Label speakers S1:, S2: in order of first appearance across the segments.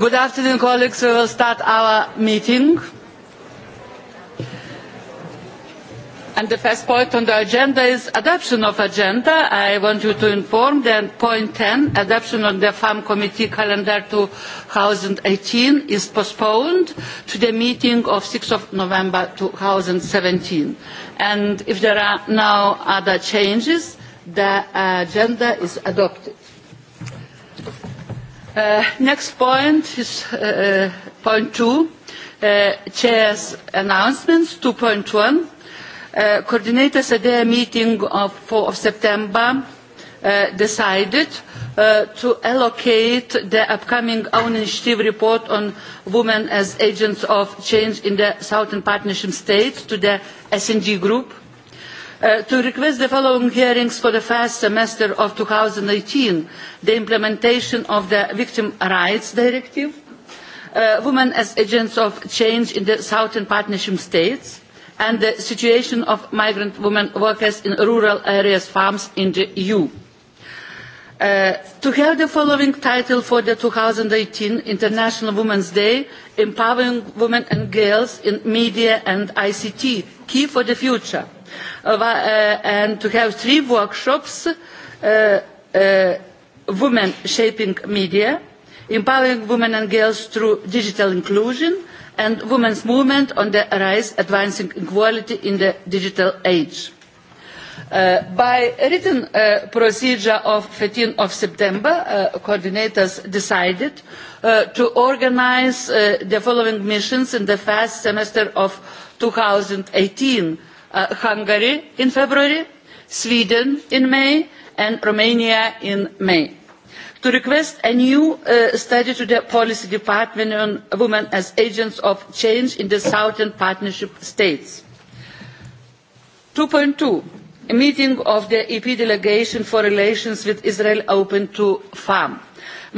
S1: Good afternoon, colleagues. We will start our meeting. And the first point on the agenda is adoption of agenda. I want you to inform that point 10, adoption of the Farm Committee calendar 2018, is postponed to the meeting of 6th of November 2017. And if there are no other changes, the agenda is adopted. Uh, next point is uh, uh, point two, chair's announcements. 2.1, coordinators at meeting of 4 September decided to allocate the upcoming own initiative report on women as agents of change in the Southern Partnership states to the SNG group Uh, to request the following hearings for the first semester of 2018, the implementation of the Victim Rights Directive, uh, women as agents of change in the Southern Partnership states, and the situation of migrant women workers in rural areas farms in the EU. Uh, to have the following title for the 2018 International Women's Day, Empowering Women and Girls in Media and ICT, Key for the Future. Uh, uh, and to have three workshops uh, women shaping media empowering women and girls through digital inclusion and women's movement on the rise advancing equality in the digital age. Uh, by written uh, procedure of 15 of September, uh, coordinators decided uh, to organize uh, the following missions in the first semester of 2018 uh, Hungary in February, Sweden in May, and Romania in May. To request a new uh, study to the policy department on women as agents of change in the southern partnership states. 2.2 a meeting of the ep delegation for relations with israel opened to farm.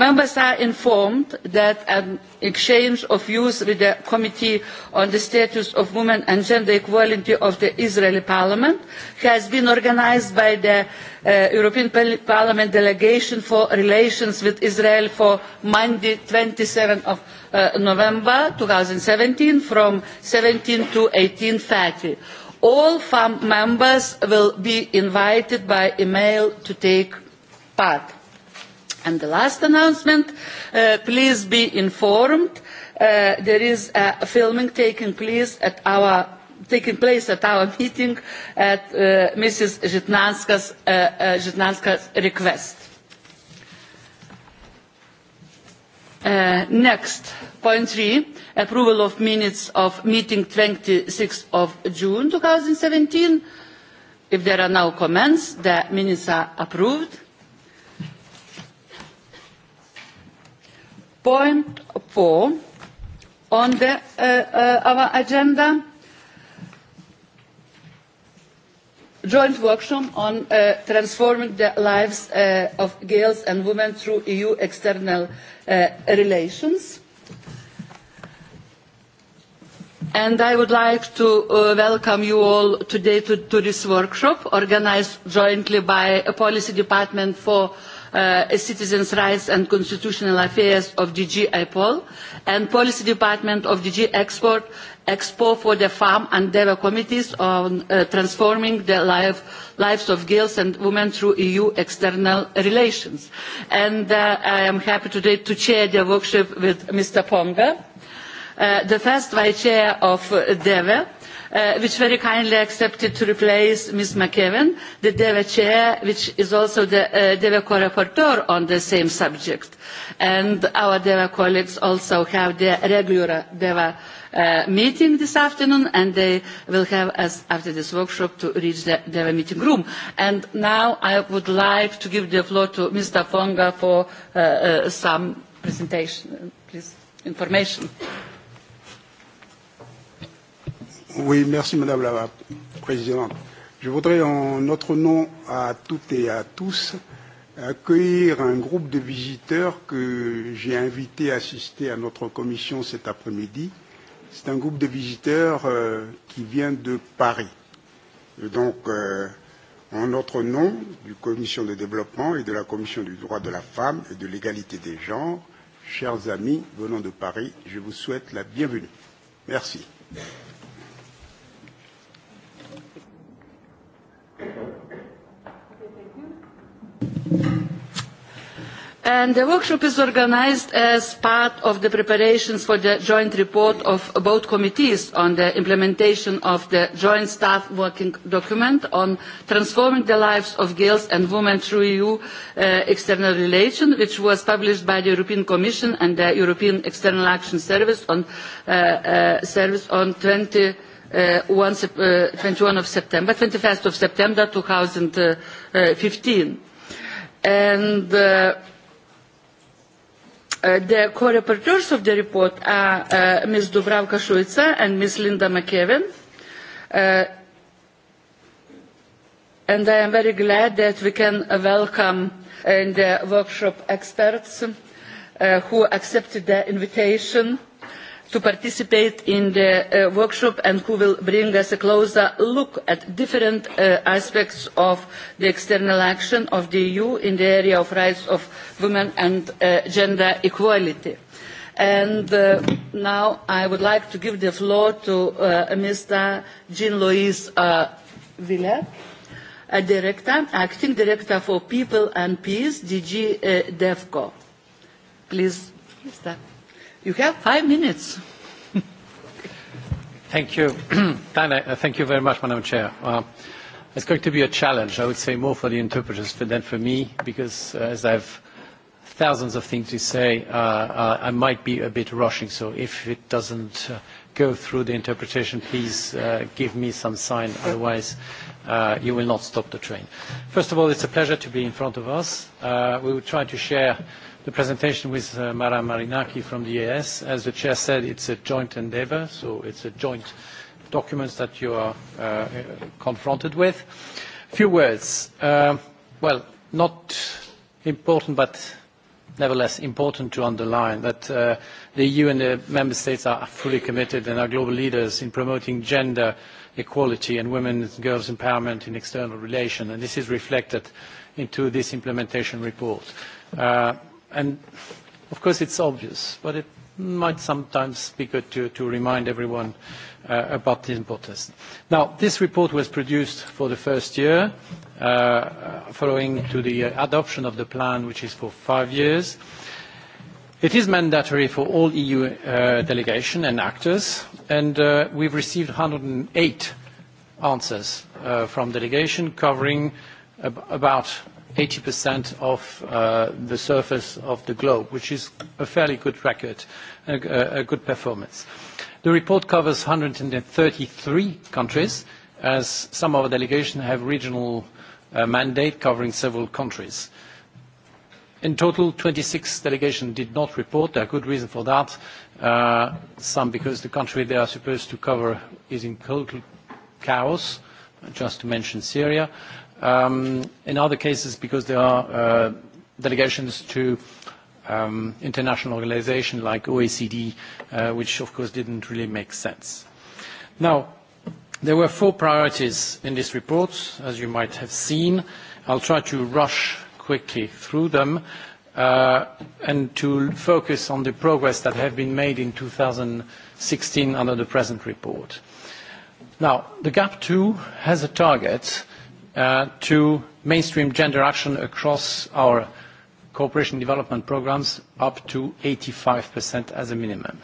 S1: members are informed that an exchange of views with the committee on the status of women and gender equality of the israeli parliament has been organised by the uh, european parliament delegation for relations with israel for monday uh, twenty seven november two thousand and seventeen from seventeen to eighteen thirty all farm members will be invited by email to take part. And the last announcement, uh, please be informed uh, there is a filming taking place at our meeting at uh, Mrs. Zhitnanska's, request Uh, next point three approval of minutes of meeting twenty six june two thousand and seventeen if there are no comments the minutes are approved. point four on the, uh, uh, our agenda joint workshop on uh, transforming the lives uh, of girls and women through EU external uh, relations. And I would like to uh, welcome you all today to, to this workshop organized jointly by a policy department for uh, Uh, citizens' Rights and Constitutional Affairs of DG EPOL and Policy Department of DG Export, Expo for the Farm and Dairy Committees on uh, transforming the lives of girls and women through EU external relations. Uh, I am happy today to chair the workshop with Mr. Ponga, the first vice chair of uh, Uh, which very kindly accepted to replace Ms. McKeven, the DEVA chair, which is also the uh, DEVA co-rapporteur on the same subject. And our DEVA colleagues also have their regular DEVA uh, meeting this afternoon, and they will have us after this workshop to reach the DEVA meeting room. And now I would like to give the floor to Mr. Fonga for some presentation, please, information.
S2: Oui, merci Madame la Présidente. Je voudrais en notre nom à toutes et à tous accueillir un groupe de visiteurs que j'ai invité à assister à notre commission cet après-midi. C'est un groupe de visiteurs euh, qui vient de Paris. Et donc, euh, en notre nom du commission de développement et de la commission du droit de la femme et de l'égalité des genres, chers amis venant de Paris, je vous souhaite la bienvenue. Merci. Merci.
S1: And the workshop is organised as part of the preparations for the joint report of both committees on the implementation of the joint staff working document on transforming the lives of girls and women through EU uh, external relations, which was published by the European Commission and the European External Action Service on, uh, uh, service on 20 Uh, uh, 21 of September, 21st of September 2015 and uh, uh, the co-rapporteurs of the report are uh, Ms. Dubravka Šuica and Ms. Linda McKevin. Uh, and I am very glad that we can welcome uh, in the workshop experts uh, who accepted the invitation to participate in the uh, workshop and who will bring us a closer look at different uh, aspects of the external action of the EU in the area of rights of women and uh, gender equality. And now I would like to give the floor to Mr. Jean-Louis uh, a director, acting director for people and peace, DG devco. Please, Mr. You have five minutes.
S3: thank you. Uh, thank you very much, Madam Chair. Uh, it's going to be a challenge, I would say, more for the interpreters than for me, because uh, as I've thousands of things to say, uh, uh, I might be a bit rushing, so if it doesn't uh, go through the interpretation, please uh, give me some sign, otherwise uh, you will not stop the train. First of all, it's a pleasure to be in front of us. Uh, we will try to share the presentation with uh, Mara Marinaki from the EAS. As the chair said, it's a joint endeavor, so it's a joint documents that you are uh, confronted with. A few words. Uh, well, not important, but nevertheless important to underline that uh, the EU and the member states are fully committed and are global leaders in promoting gender equality and women's and girls empowerment in external relations, and this is reflected into this implementation report. Uh, and of course it's obvious, but it might sometimes be good to, to remind everyone uh, about the importance. Now, this report was produced for the first year, uh, following to the uh, adoption of the plan, which is for five years. It is mandatory for all EU uh, delegation and actors, and uh, we've received 108 answers uh, from delegation covering ab about 80% of uh, the surface of the globe, which is a fairly good record, a, good performance. The report covers 133 countries, as some of our delegation have regional uh, mandate covering several countries. In total, 26 delegation did not report. There are good reason for that. Uh, some because the country they are supposed to cover is in total chaos, just to mention Syria. Um, in other cases, because there are uh, delegations to um, international organization like OECD, uh, which of course didn't really make sense. Now, there were four priorities in this report, as you might have seen. I'll try to rush quickly through them uh, and to focus on the progress that have been made in 2016 under the present report. Now, the GAP 2 has a target Uh, to mainstream gender action across our cooperation development programs up to 85% as a minimum.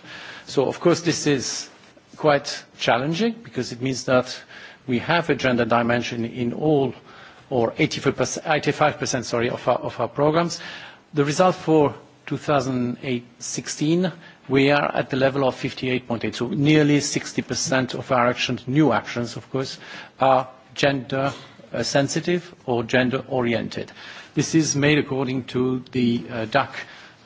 S3: So of course this is quite challenging because it means that we have a gender dimension in all or 85%, sorry, of our, of our programs. The result for 2016, we are at the level of 58.8, so nearly 60% of our actions, new actions, of course, are gender Uh, sensitive or gender oriented. This is made according to the uh, DAC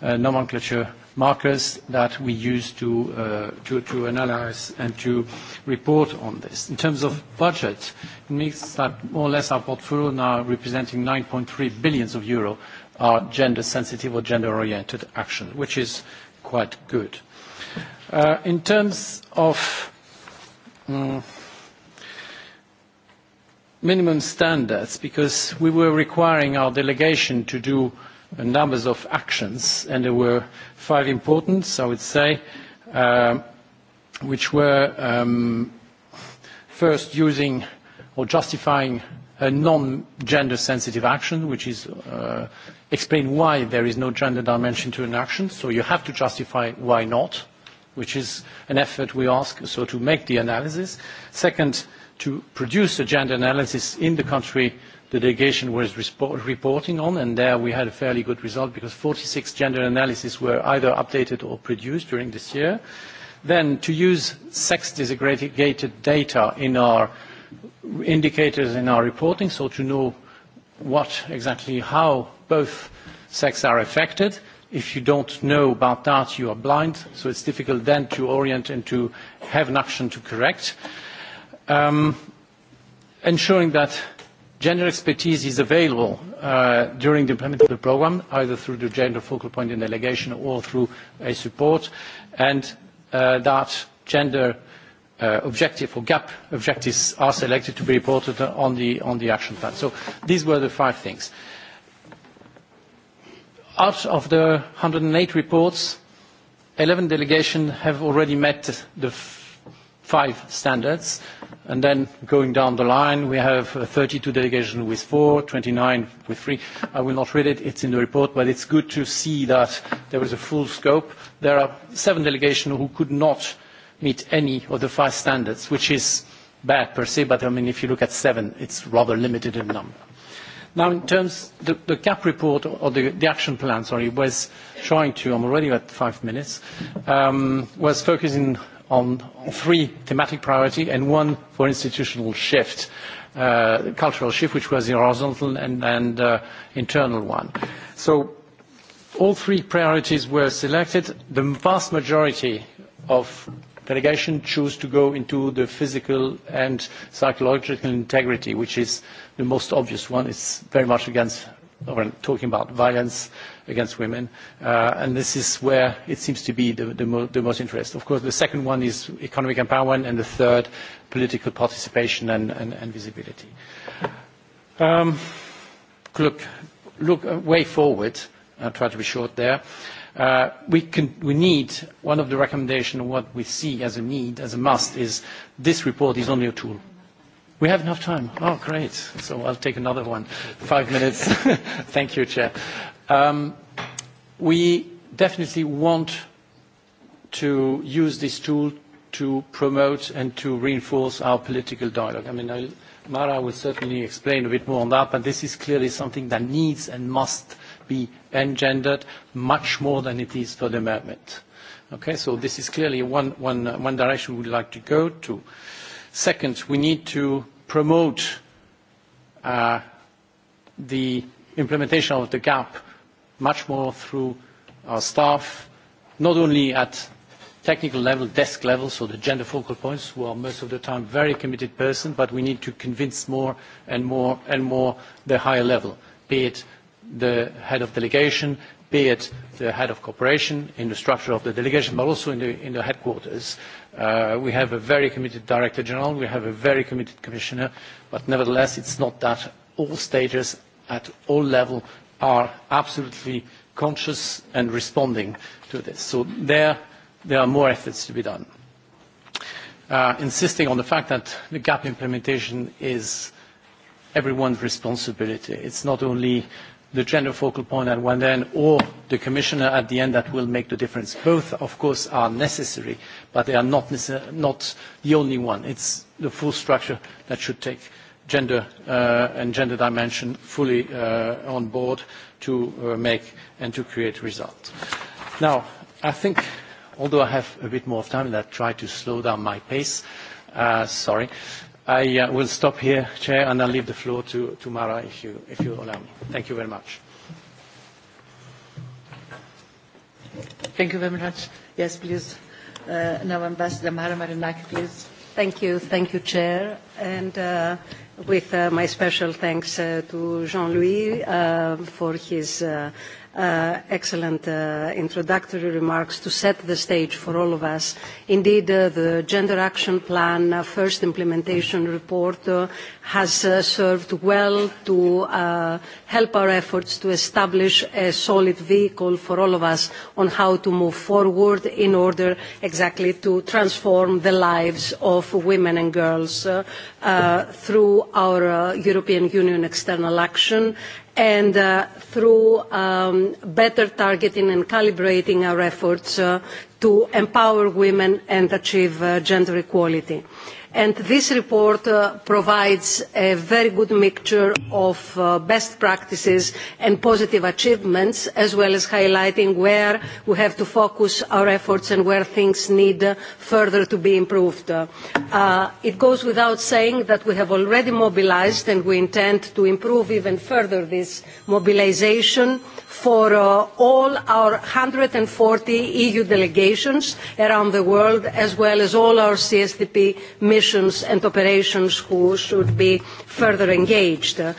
S3: uh, nomenclature markers that we use to, uh, to, to analyze and to report on this. In terms of budget, it means that more or less our portfolio now representing 9.3 billion of euro are gender sensitive or gender oriented action, which is quite good. Uh, in terms of um, minimum standards because we were requiring our delegation to do a numbers of actions and there were five important, I would say, uh, which were um, first using or justifying a non-gender sensitive action, which is uh, explain why there is no gender dimension to an action. So you have to justify why not, which is an effort we ask, so to make the analysis. Second, to produce a gender analysis in the country the delegation was reporting on, and there we had a fairly good result because 46 gender analyses were either updated or produced during this year. Then to use sex-disaggregated data in our indicators in our reporting, so to know what exactly how both sex are affected. If you don't know about that, you are blind, so it's difficult then to orient and to have an action to correct. Um, ensuring that gender expertise is available uh, during the implementation of the program, either through the gender focal point in delegation or through a support, and uh, that gender uh, objective or gap objectives are selected to be reported on the, on the action plan. So these were the five things. Out of the 108 reports, 11 delegations have already met the five standards and then going down the line, we have 32 delegation with four, 29 with three. I will not read it. It's in the report, but it's good to see that there was a full scope. There are seven delegations who could not meet any of the five standards, which is bad per se, but I mean, if you look at seven, it's rather limited in number. Now, in terms the, the CAP report or the, the action plan, sorry, was trying to, I'm already at five minutes, um, was focusing on three thematic priorities and one for institutional shift, uh, cultural shift, which was the horizontal and, and uh, internal one. So all three priorities were selected. The vast majority of delegation chose to go into the physical and psychological integrity, which is the most obvious one. It's very much against, when talking about violence, against women. Uh, and this is where it seems to be the, the, mo the most interest. Of course, the second one is economic empowerment, and the third, political participation and, and, and visibility. Um, look, look, uh, way forward. I'll try to be short there. Uh, we, can, we need, one of the recommendations, what we see as a need, as a must, is this report is only a tool. We have enough time. Oh, great. So I'll take another one. Five minutes. Thank you, Chair. Um, we definitely want to use this tool to promote and to reinforce our political dialogue. I mean, I'll, Mara will certainly explain a bit more on that, but this is clearly something that needs and must be engendered much more than it is for the moment. Okay, so this is clearly one, one, uh, one direction we'd like to go to. Second, we need to promote uh, the implementation of the GAP much more through our staff, not only at technical level, desk level, so the gender focal points, who are most of the time very committed person, but we need to convince more and more and more the higher level, be it the head of delegation, be it the head of cooperation in the structure of the delegation, but also in the, in the headquarters. Uh, we have a very committed director general, we have a very committed commissioner, but nevertheless, it's not that all stages at all level are absolutely conscious and responding to this. So there, there are more efforts to be done. Uh, insisting on the fact that the gap implementation is everyone's responsibility. It's not only the gender focal point at one end or the commissioner at the end that will make the difference. Both, of course, are necessary, but they are not, not the only one. It's the full structure that should take gender uh, and gender dimension fully uh, on board to uh, make and to create results. Now, I think, although I have a bit more of time, and I try to slow down my pace, uh, sorry, I uh, will stop here, Chair, and I'll leave the floor to, to Mara if you, if you allow me. Thank you very much.
S4: Thank you very much. Yes, please. Uh, now, Ambassador Mara Marinaki, please. Thank you. Thank you, Chair. And uh, with uh, my special thanks uh, to Jean-Louis uh, for his uh, uh, excellent uh, introductory remarks to set the stage for all of us. Indeed, uh, the Gender Action Plan uh, first implementation report uh, has uh, served well to uh, help our efforts to establish a solid vehicle for all of us on how to move forward in order exactly to transform the lives of women and girls uh, uh, through our uh, European Union external action and uh, through um, better targeting and calibrating our efforts uh, to empower women and achieve uh, gender equality. Uh, and this report uh, provides a very good mixture of uh, best practices and positive achievements as well as highlighting where we have to focus our efforts and where things need uh, further to be improved. Uh, it goes without saying that we have already mobilised and we intend to improve even further this mobilisation for uh, all our 140 EU delegations around the world as well as all our CSDP missions missions and operations who should be further engaged. Uh,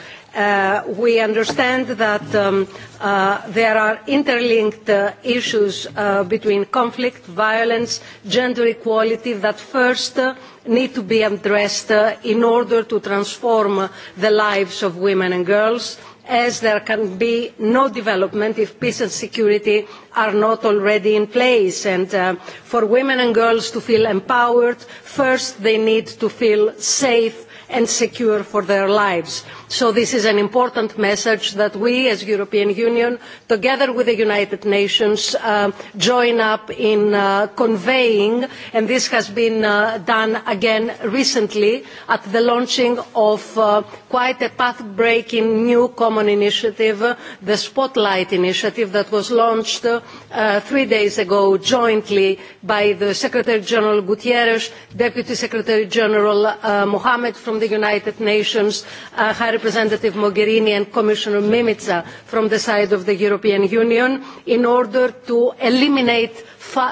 S4: we understand that um, uh, there are interlinked uh, issues uh, between conflict, violence, gender equality that first uh, need to be addressed uh, in order to transform the lives of women and girls as there can be no development if peace and security are not already in place. And uh, for women and girls to feel empowered, first they need to feel safe and secure for their lives so this is an important message that we as the european union together with the united nations uh, join up in uh, conveying and this has been uh, done again recently at the launching of uh, quite a path breaking new common initiative the spotlight initiative that was launched uh, three days ago jointly by the secretary general guterres deputy secretary general uh, mohammed from the united nations high representative mogherini and commissioner mimica from the side of the european union in order to eliminate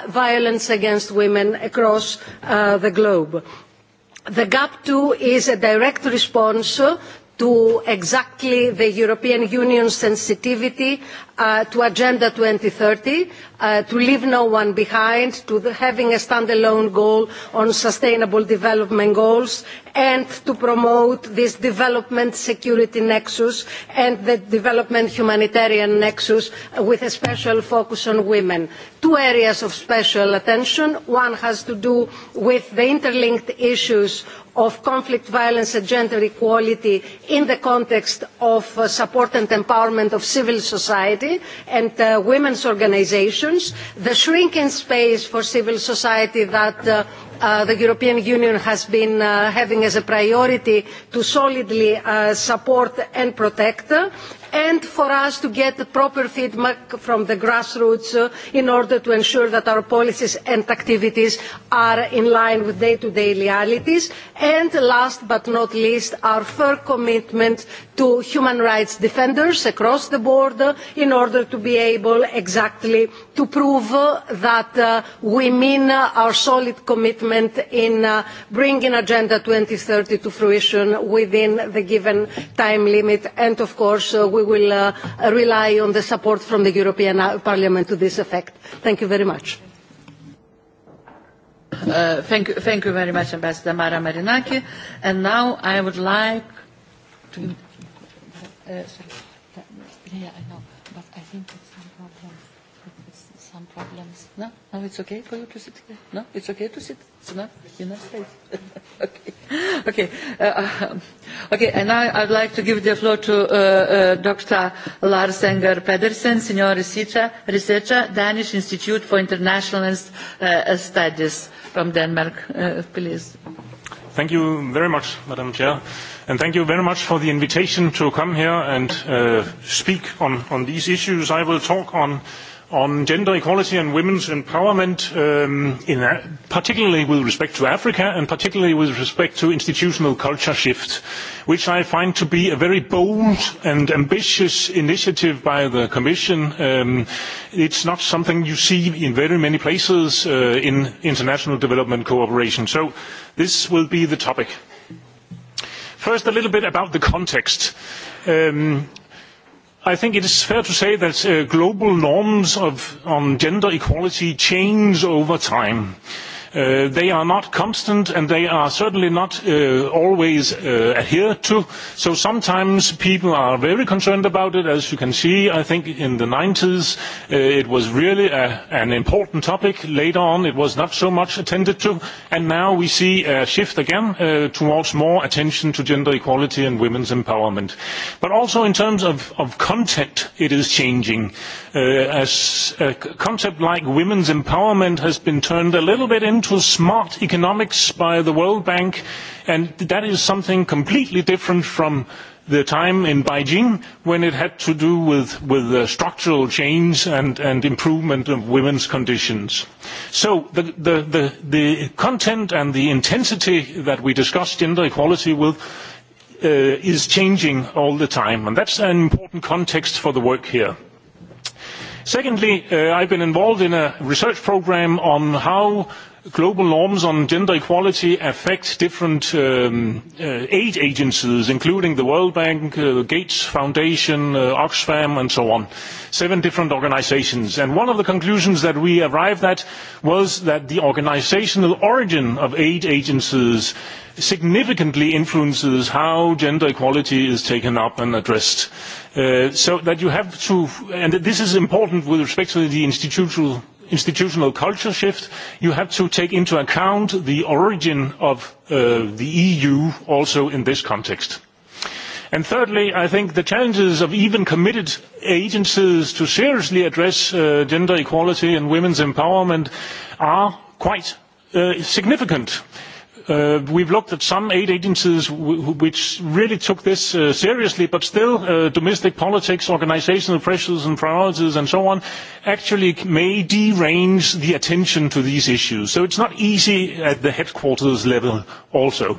S4: violence against women across uh, the globe. the gap too is a direct response to exactly the European Union's sensitivity uh, to Agenda 2030, uh, to leave no one behind, to the, having a standalone goal on sustainable development goals, and to promote this development security nexus and the development humanitarian nexus with a special focus on women. Two areas of special attention. One has to do with the interlinked issues of conflict violence and gender equality in the context of uh, support and empowerment of civil society and uh, women's organisations, the shrinking space for civil society that uh, Uh, the European Union has been uh, having as a priority to solidly uh, support and protect, and for us to get the proper feedback from the grassroots uh, in order to ensure that our policies and activities are in line with day-to-day -day realities. And last but not least, our firm commitment to human rights defenders across the board uh, in order to be able exactly to prove uh, that uh, we mean our solid commitment in uh, bringing Agenda 2030 to fruition within the given time limit. And of course, uh, we we will uh, rely on the support from the European uh, Parliament to this effect. Thank you very much.
S1: Uh, thank, you, thank you very much, Ambassador Mara Marinaki. And now I would like to... Uh, sorry. Yeah, I know, but I think problems. No? No, it's okay for you to sit here? No? It's okay to sit? It's not enough? Enough space? okay. Okay. Uh, um, okay, and now I'd like to give the floor to uh, uh, Dr. Lars Enger Pedersen, Senior Researcher, Researcher, Danish Institute for International uh, Studies from Denmark. Uh, please.
S5: Thank you very much, Madam Chair. And thank you very much for the invitation to come here and uh, speak on, on these issues. I will talk on uh, on gender equality and women's empowerment, um, in, particularly with respect to Africa and particularly with respect to institutional culture shift, which I find to be a very bold and ambitious initiative by the Commission. Um, it's not something you see in very many places uh, in international development cooperation. So this will be the topic. First, a little bit about the context. Um, I think it is fair to say that uh, global norms of, on gender equality change over time. Uh, Uh, they are not constant and they are certainly not uh, always uh, adhered to. So sometimes people are very concerned about it. As you can see, I think in the 90s uh, it was really a, an important topic. Later on it was not so much attended to. And now we see a shift again uh, towards more attention to gender equality and women's empowerment. But also in terms of, of content, it is changing. Uh, as a concept like women's empowerment has been turned a little bit into into smart economics by the World Bank, and that is something completely different from the time in Beijing when it had to do with, with uh, structural change and, and improvement of women's conditions. So the, the, the, the content and the intensity that we discuss gender equality with uh, is changing all the time, and that's an important context for the work here. Secondly, uh, I've been involved in a research program on how global norms on gender equality affect different um, uh, aid agencies, including the World Bank, uh, the Gates Foundation, uh, Oxfam, and so on. Seven different organizations. And one of the conclusions that we arrived at was that the organizational origin of aid agencies significantly influences how gender equality is taken up and addressed. Uh, so that you have to, and this is important with respect to the institutional institutional culture shift, you have to take into account the origin of uh, the EU also in this context. And thirdly, I think the challenges of even committed agencies to seriously address uh, gender equality and women's empowerment are quite uh, significant. Uh, Uh, we've looked at some aid agencies which really took this uh, seriously, but still uh, domestic politics, organizational pressures and priorities and so on actually may derange the attention to these issues. So it's not easy at the headquarters level also.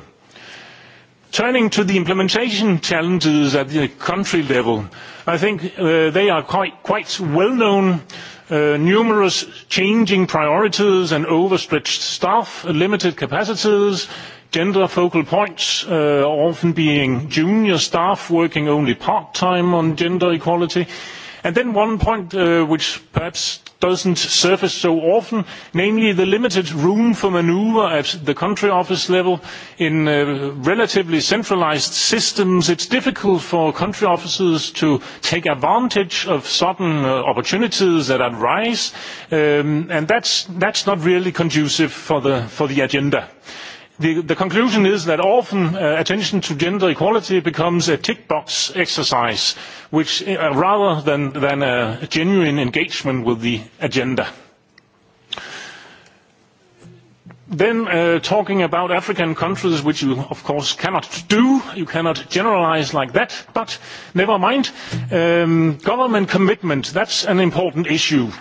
S5: Turning to the implementation challenges at the country level, I think they are quite, well known. Uh, numerous changing priorities and overstretched staff, limited capacities, gender focal points, uh, often being junior staff working only part-time on gender equality. And then one point uh, which perhaps doesn't surface so often, namely the limited room for maneuver at the country office level. In uh, relatively centralized systems, it's difficult for country officers to take advantage of sudden uh, opportunities that arise, um, and that's, that's not really conducive for the, for the agenda. The, conclusion is that often uh, attention to gender equality becomes a tick box exercise, uh, rather than, than a genuine engagement with the agenda. Then uh, talking about African countries, which you of course cannot do, you cannot generalize like that, but never mind. Um, government commitment, that's an important issue.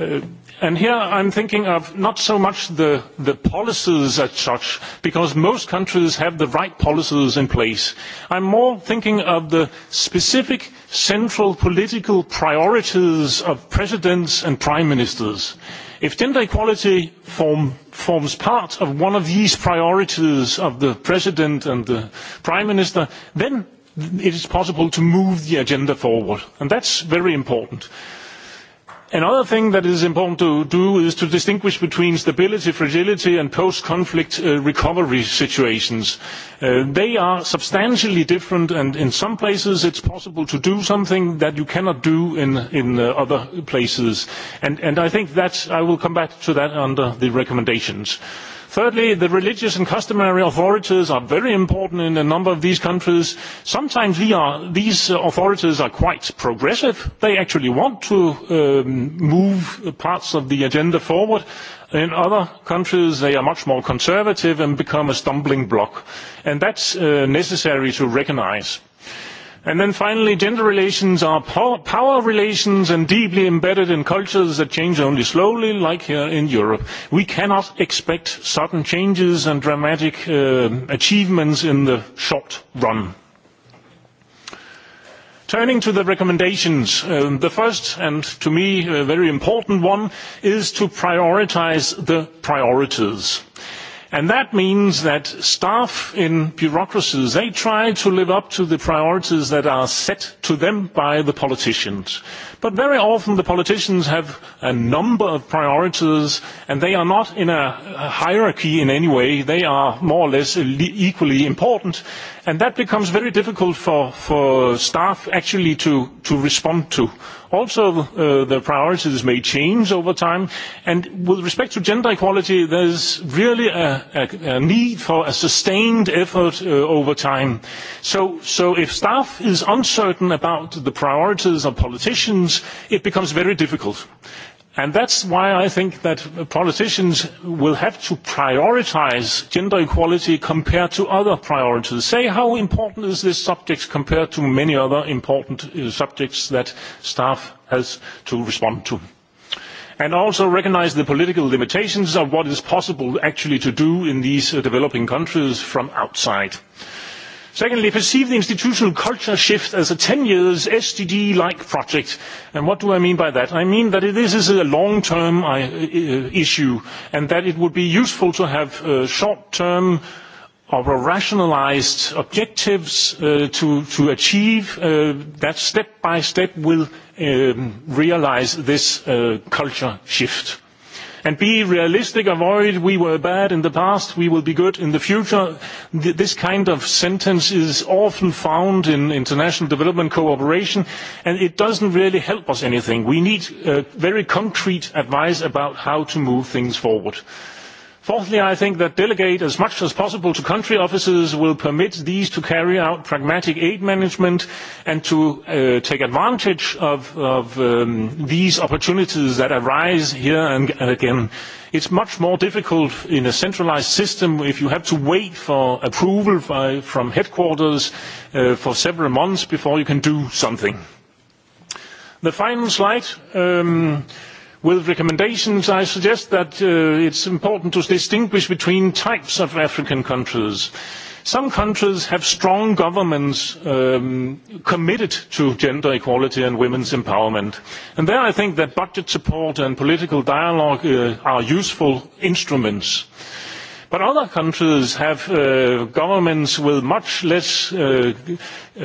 S5: Uh, And here I'm thinking of not so much the, the policies as such, because most countries have the right policies in place. I'm more thinking of the specific central political priorities of presidents and prime ministers. If gender equality form, forms part of one of these priorities of the president and the prime minister, then it is possible to move the agenda forward. And that's very important. Another thing that is important to do is to distinguish between stability, fragility and post-conflict uh, recovery situations. Uh, they are substantially different and in some places it's possible to do something that you cannot do in, uh, other places. And, I think that I will come back to that under the recommendations. Thirdly, the religious and customary authorities are very important in a number of these countries. Sometimes are, these uh, authorities are quite progressive. They actually want to um, move parts of the agenda forward. In other countries, they are much more conservative and become a stumbling block. And that's uh, necessary to recognize. And then finally, gender relations are power, relations and deeply embedded in cultures that change only slowly, like here in Europe. We cannot expect sudden changes and dramatic uh, achievements in the short run. Turning to the recommendations, um, the first and to me a very important one is to prioritise the priorities. And that means that staff in bureaucracies, they try to live up to the priorities that are set to them by the politicians. But very often the politicians have a number of priorities and they are not in a hierarchy in any way. They are more or less equally important. And that becomes very difficult for, for staff actually to, to respond to Also, uh, their priorities may change over time. And with respect to gender equality, there is really a, need for a sustained effort uh, over time. So, if staff are uncertain about the priorities of politicians, it becomes very difficult. And that's why I think that politicians will have to prioritise gender equality compared to other priorities. Say how important is this subject compared to many other important uh, subjects that staff have to respond to. And also recognise the political limitations of what is possible actually to do in these uh, developing countries from outside. Secondly, perceive the institutional culture shift as a 10 years SDD-like project. And what do I mean by that? I mean that this is a long-term uh, uh, issue and that it would be useful to have uh, short-term or rationalized objectives to, to achieve that step by step will realise um, realize this culture shift. And be realistic, avoid we were bad in the past, we will be good in the future. Th this kind of sentence is often found in international development cooperation and it doesn't really help us anything. We need uh, very concrete advice about how to move things forward. Fourthly, I think that delegating as much as possible to country offices will permit these to carry out pragmatic aid management and to uh, take advantage of, um, these opportunities that arise here and, again. it is much more difficult in a centralised system if you have to wait for approval from headquarters uh, for several months before you can do something. The final slide. Um, With recommendations, I suggest that uh, it is important to distinguish between types of African countries. Some countries have strong governments um, committed to gender equality and women's empowerment. And there I think that budget support and political dialogue uh, are useful instruments. But other countries have uh, governments with much less, uh, uh,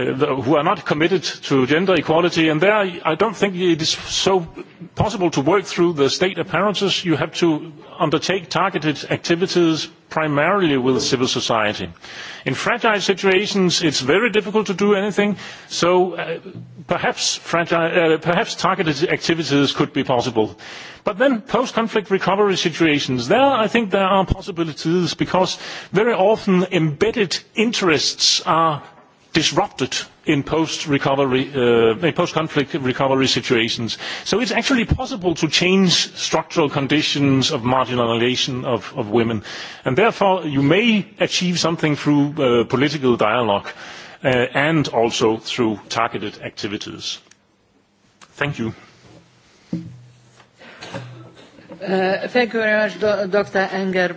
S5: who are not committed to gender equality, and there I don't think it is so possible to work through the state apparatus. You have to undertake targeted activities primarily with civil society. In fragile situations, it's very difficult to do anything, so uh, perhaps, fragile, uh, perhaps targeted activities could be possible. But then post-conflict recovery situations, there I think there are possibilities because very often embedded interests are disrupted in post-recovery, uh, in post-conflict recovery situations. So it's actually possible to change structural conditions of marginalization of, of women. And therefore, you may achieve something through uh, political dialogue uh, and also through targeted activities. Thank you
S1: thank you very much, Dr. Enger,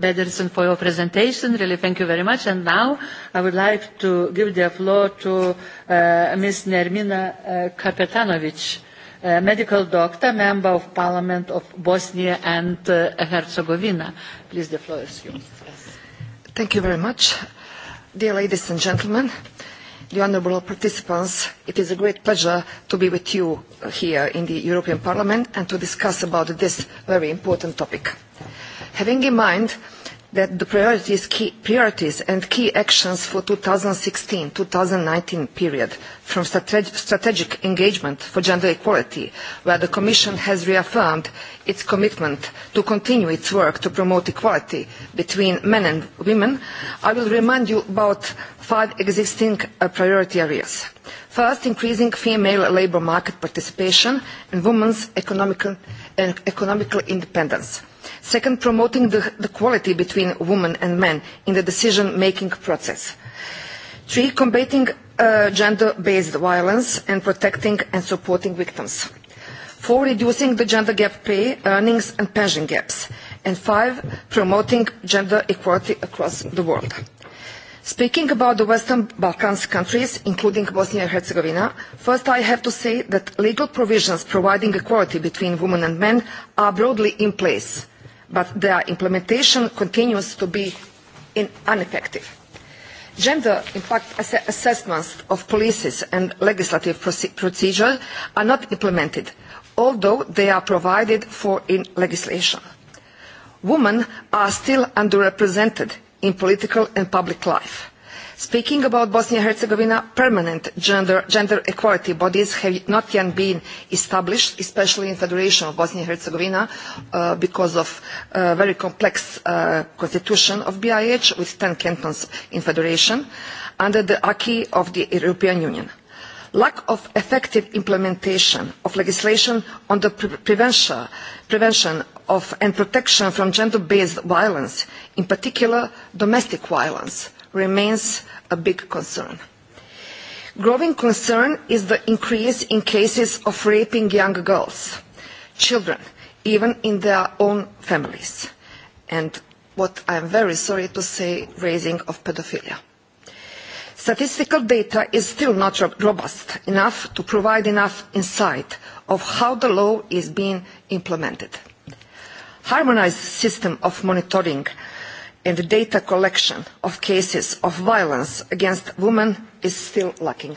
S1: Pedersen, e-, for your presentation. Really, thank you very much. And now I would like to give the floor to uh, Ms. Nermina uh, Kapetanovic, uh, medical doctor, member of Parliament of Bosnia and uh, Herzegovina. Please, the floor
S6: is yours. Thank you very much. Dear ladies and gentlemen, the honourable participants, it is a great pleasure to be with you here in the European Parliament and to discuss about this very important topic. Having in mind that the priorities, key, priorities and key actions for 2016-2019 period from strategic, strategic engagement for gender equality, where the Commission has reaffirmed its commitment to continue its work to promote equality between men and women, I will remind you about five existing uh, priority areas. First, increasing female labour market participation and women's economic, and uh, economical independence. Second, promoting the, the quality between women and men in the decision-making process. Three, combating uh, gender-based violence and protecting and supporting victims. Four, reducing the gender gap pay, earnings and pension gaps. And five, promoting gender equality across the world. Speaking about the Western Balkans countries, including Bosnia and Herzegovina, first I have to say that legal provisions providing equality between women and men are broadly in place but their implementation continues to be in, ineffective. Gender impact ass assessments of policies and legislative procedures are not implemented, although they are provided for in legislation. Women are still underrepresented in political and public life Speaking about Bosnia-Herzegovina, and permanent gender, gender, equality bodies have not yet been established, especially in Federation of Bosnia-Herzegovina, and uh, because of uh, very complex uh, constitution of BIH with 10 cantons in Federation under the acquis of the European Union. Lack of effective implementation of legislation on the pre prevention, prevention of and protection from gender-based violence, in particular domestic violence, remains a big concern. Growing concern is the increase in cases of raping young girls, children, even in their own families, and what I am very sorry to say, raising of pedophilia. Statistical data is still not robust enough to provide enough insight of how the law is being implemented. Harmonised system of monitoring and the data collection of cases of violence against women is still lacking.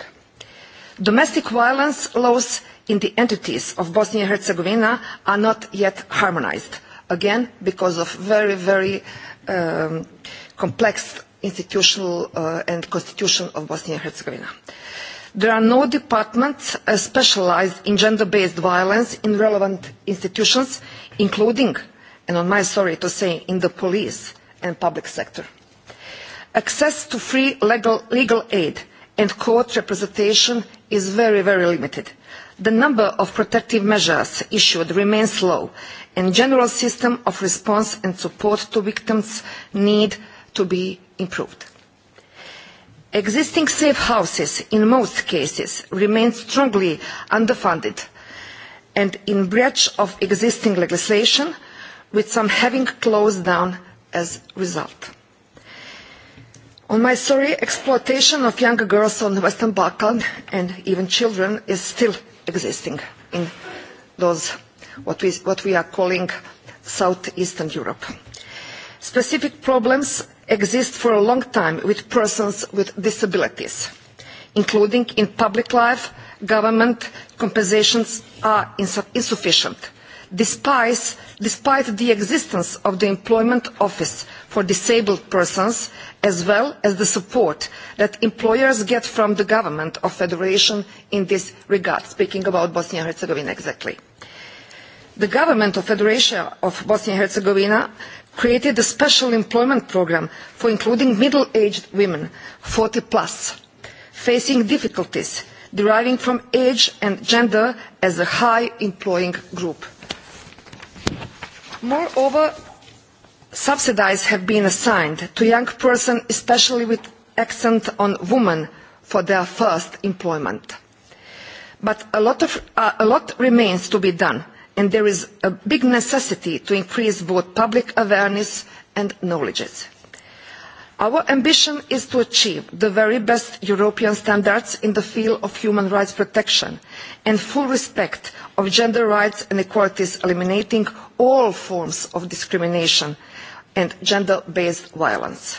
S6: Domestic violence laws in the entities of Bosnia and Herzegovina are not yet harmonized, again because of very, very um, complex institutional uh, and constitution of Bosnia and Herzegovina. There are no departments uh, specialized in gender-based violence in relevant institutions, including, and on my sorry to say, in the police, and public sector. Access to free legal, legal aid and court representation is very, very limited. The number of protective measures issued remains low, and general system of response and support to victims need to be improved. Existing safe houses in most cases remain strongly underfunded and in breach of existing legislation, with some having closed down as a result. On my sorry, exploitation of younger girls on the Western Balkan and even children is still existing in those what we, what we are calling Southeastern Europe. Specific problems exist for a long time with persons with disabilities, including in public life, government compensations are insu insufficient, despite despite the existence of the Employment Office for Disabled Persons, as well as the support that employers get from the government of Federation in this regard, speaking about Bosnia and Herzegovina exactly. The government of Federation of Bosnia and Herzegovina created a special employment program for including middle-aged women, 40 plus, facing difficulties deriving from age and gender as a high employing group. Moreover, subsidies have been assigned to young persons, especially with accent on women, for their first employment. But a lot, of, uh, a lot remains to be done, and there is a big necessity to increase both public awareness and knowledge. Our ambition is to achieve the very best European standards in the field of human rights protection and full respect of gender rights and equalities, eliminating all forms of discrimination and gender-based violence.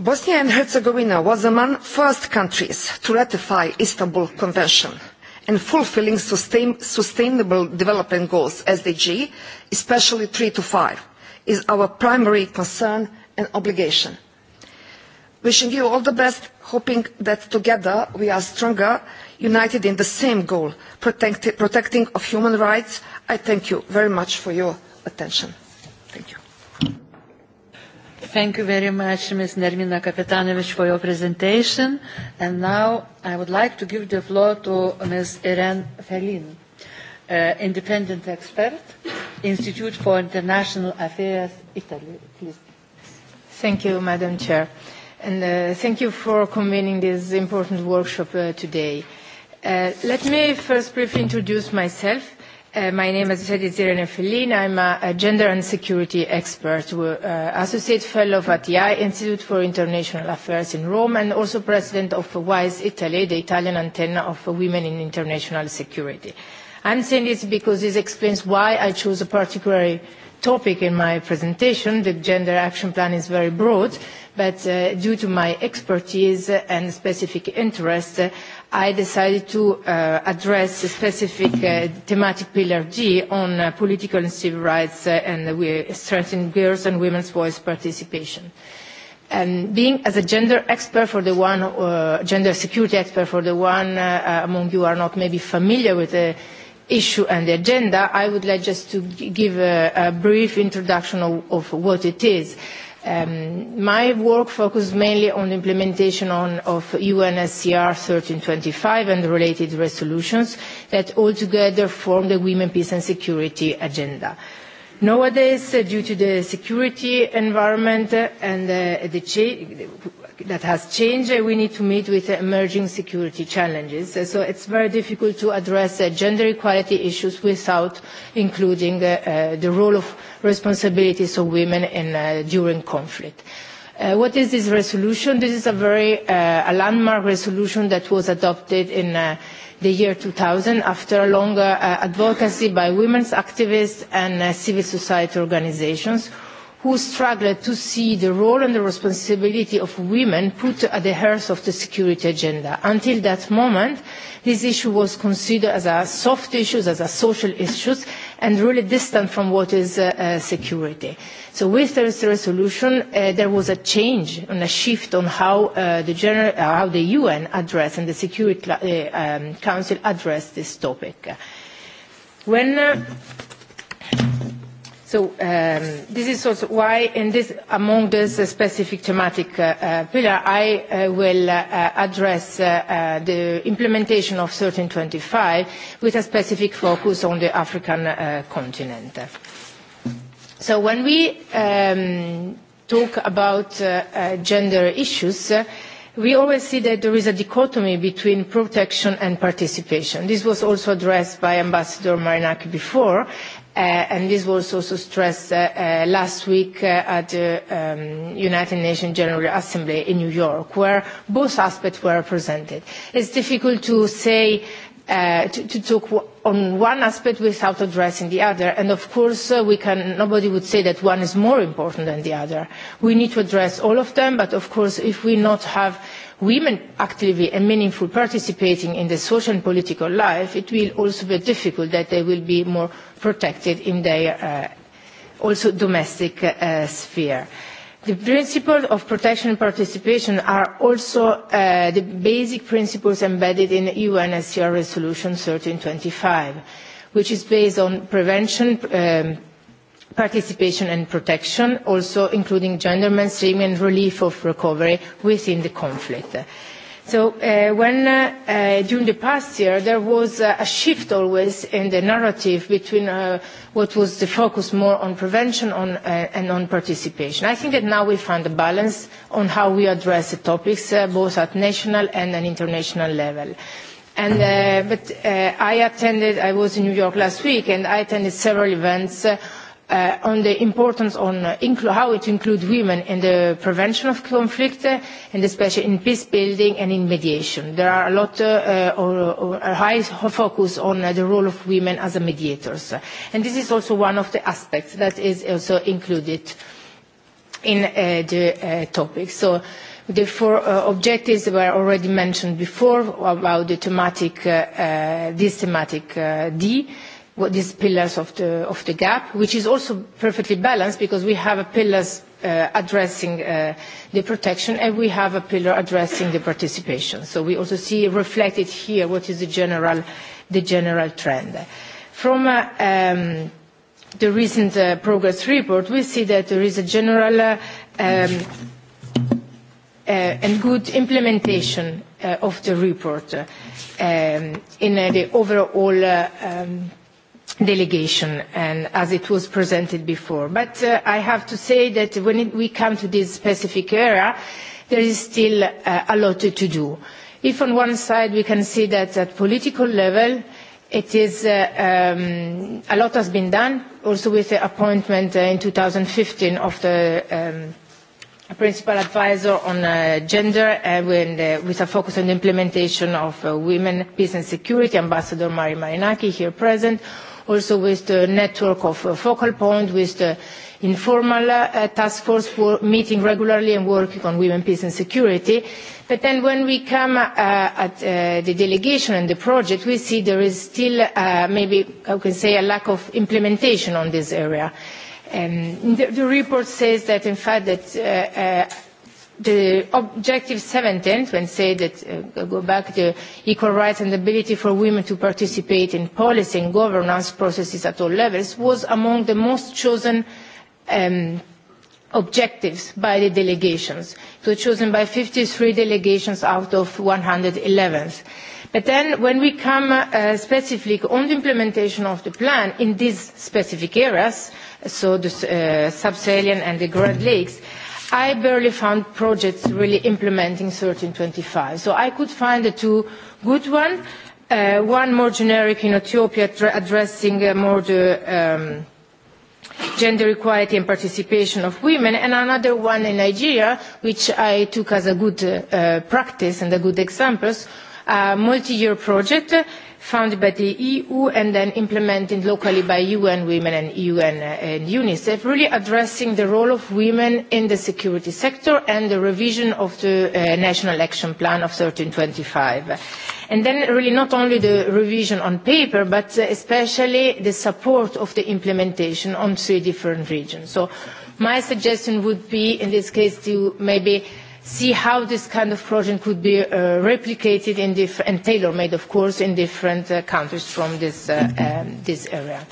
S6: Bosnia and Herzegovina was among first countries to ratify Istanbul Convention and fulfilling sustain, sustainable development goals SDG, especially three to five, is our primary concern and obligation. Wishing you all the best, hoping that together we are stronger, united in the same goal, protect, protecting of human rights. I thank you very much for your attention. Thank you. Thank you
S1: very much, Ms. Nermina Kapitanovic, for your presentation. And now I would like to give the floor to Ms. Irene Felin, uh, independent expert, Institute for International Affairs, Italy.
S7: Please. Thank you, Madam Chair. And uh, thank you for convening this important workshop uh, today. Uh, let me first briefly introduce myself. Uh, my name, as I said, is Irene Fellin. I'm a, a gender and security expert, uh, associate fellow at the I Institute for International Affairs in Rome, and also president of WISE Italy, the Italian antenna of women in international security. I'm saying this because this explains why I chose a particularly topic in my presentation. The Gender Action Plan is very broad, but uh, due to my expertise and specific interest, uh, I decided to uh, address a specific uh, thematic pillar G on uh, political and civil rights uh, and we strengthen girls' and women's voice participation. And being as a gender expert for the one, uh, gender security expert for the one uh, uh among you are not maybe familiar with the uh, issue and the agenda, I would like just to give a, a brief introduction of, of what it is. Um, my work focuses mainly on the implementation on, of UNSCR 1325 and related resolutions that altogether form the Women, Peace and Security agenda. Nowadays, uh, due to the security environment uh, and uh, the that has changed. We need to meet with emerging security challenges. So it's very difficult to address uh, gender equality issues without including uh, uh, the role of responsibilities of women in, during conflict. Uh, what is this resolution? This is a very uh, a landmark resolution that was adopted in uh, the year 2000 after a long uh, advocacy by women's activists and uh, civil society organizations who struggled to see the role and the responsibility of women put at the heart of the security agenda. Until that moment, this issue was considered as a soft issue, as a social issue, and really distant from what is uh, uh, security. So with this resolution, uh, there was a change and a shift on how, uh, the, general, uh, how the UN addressed and the Security uh, um, Council addressed this topic. When uh, So um, this is also why, in this, among this specific thematic uh, uh, pillar, I uh, will address the implementation of 1325 with a specific focus on the African continent. So when we um, talk about gender issues, we always see that there is a dichotomy between protection and participation. This was also addressed by Ambassador Marinaki before, Uh, and this was also stressed uh, uh, last week at the um, United Nations General Assembly in New York, where both aspects were represented. It's difficult to say to, talk on one aspect without addressing the other. And of course, nobody would say that one is more important than the other. We need to address all of them, but of course, if we not have women actively and meaningfully participating in the social and political life, it will also be difficult that they will be more protected in their uh, also domestic uh, sphere. The principles of protection and participation are also uh, the basic principles embedded in UNSCR Resolution 1325, which is based on prevention, um, participation and protection, also including gender mainstreaming and relief of recovery within the conflict. So uh, when uh, uh, during the past year there was uh, a shift always in the narrative between uh, what was the focus more on prevention on, uh, and on participation. I think that now we find a balance on how we address the topics uh, both at national and an international level. And, uh, but uh, I attended, I was in New York last week and I attended several events uh, Uh, on the importance on uh, how to include women in the prevention of conflict uh, and especially in peace building and in mediation. There are a lot uh, or, or a high focus on uh, the role of women as a mediators. And this is also one of the aspects that is also included in uh, the uh, topic. So the four uh, objectives were already mentioned before about the thematic, uh, uh, this thematic uh, D what these pillars of the, gap, which is also perfectly balanced because we have a pillars uh, addressing uh, the protection and we have a pillar addressing the participation. So we also see reflected here what is the general, the general trend. From uh, um, the recent uh, progress report, we see that there is a general uh, um, uh, and good implementation uh, of the report um, in uh, the overall uh, um, delegation and as it was presented before. But uh, I have to say that when it, we come to this specific area, there is still uh, a lot to do. If on one side we can see that at political level, it is, uh, um, a lot has been done, also with the appointment uh, in 2015 of the um, a principal advisor on uh, gender uh, and when, uh, with a focus on the implementation of uh, women, peace and security, Ambassador Mari Marinaki here present, also with the network of uh, focal point, with the informal uh, task force for meeting regularly and working on women, peace and security. But then when we come uh, at uh, the delegation and the project, we see there is still uh, maybe, I can say, a lack of implementation on this area. Um, the, the report says that, in fact, that uh, uh, the objective 17, when say that, uh, go back to equal rights and ability for women to participate in policy and governance processes at all levels, was among the most chosen um, objectives by the delegations. It was chosen by 53 delegations out of 111. But then when we come uh, specifically on the implementation of the plan in these specific areas, uh, so the uh, sub-Saharan and the Great Lakes, I barely found projects really implementing 1325. So I could find the two good ones, uh, one more generic in Ethiopia addressing uh, more the um, gender equality and participation of women, and another one in Nigeria, which I took as a good uh, practice and a good example, a multi-year project uh, funded by the EU and then implemented locally by UN Women and UN and UNICEF, really addressing the role of women in the security sector and the revision of the uh, National Action Plan of 1325. And then really not only the revision on paper, but uh, especially the support of the implementation on three different regions. So my suggestion would be in this case to maybe see how this kind of project could be uh, replicated in diff and tailor-made, of course, in different uh, countries from this, uh, mm-hmm. um, this area.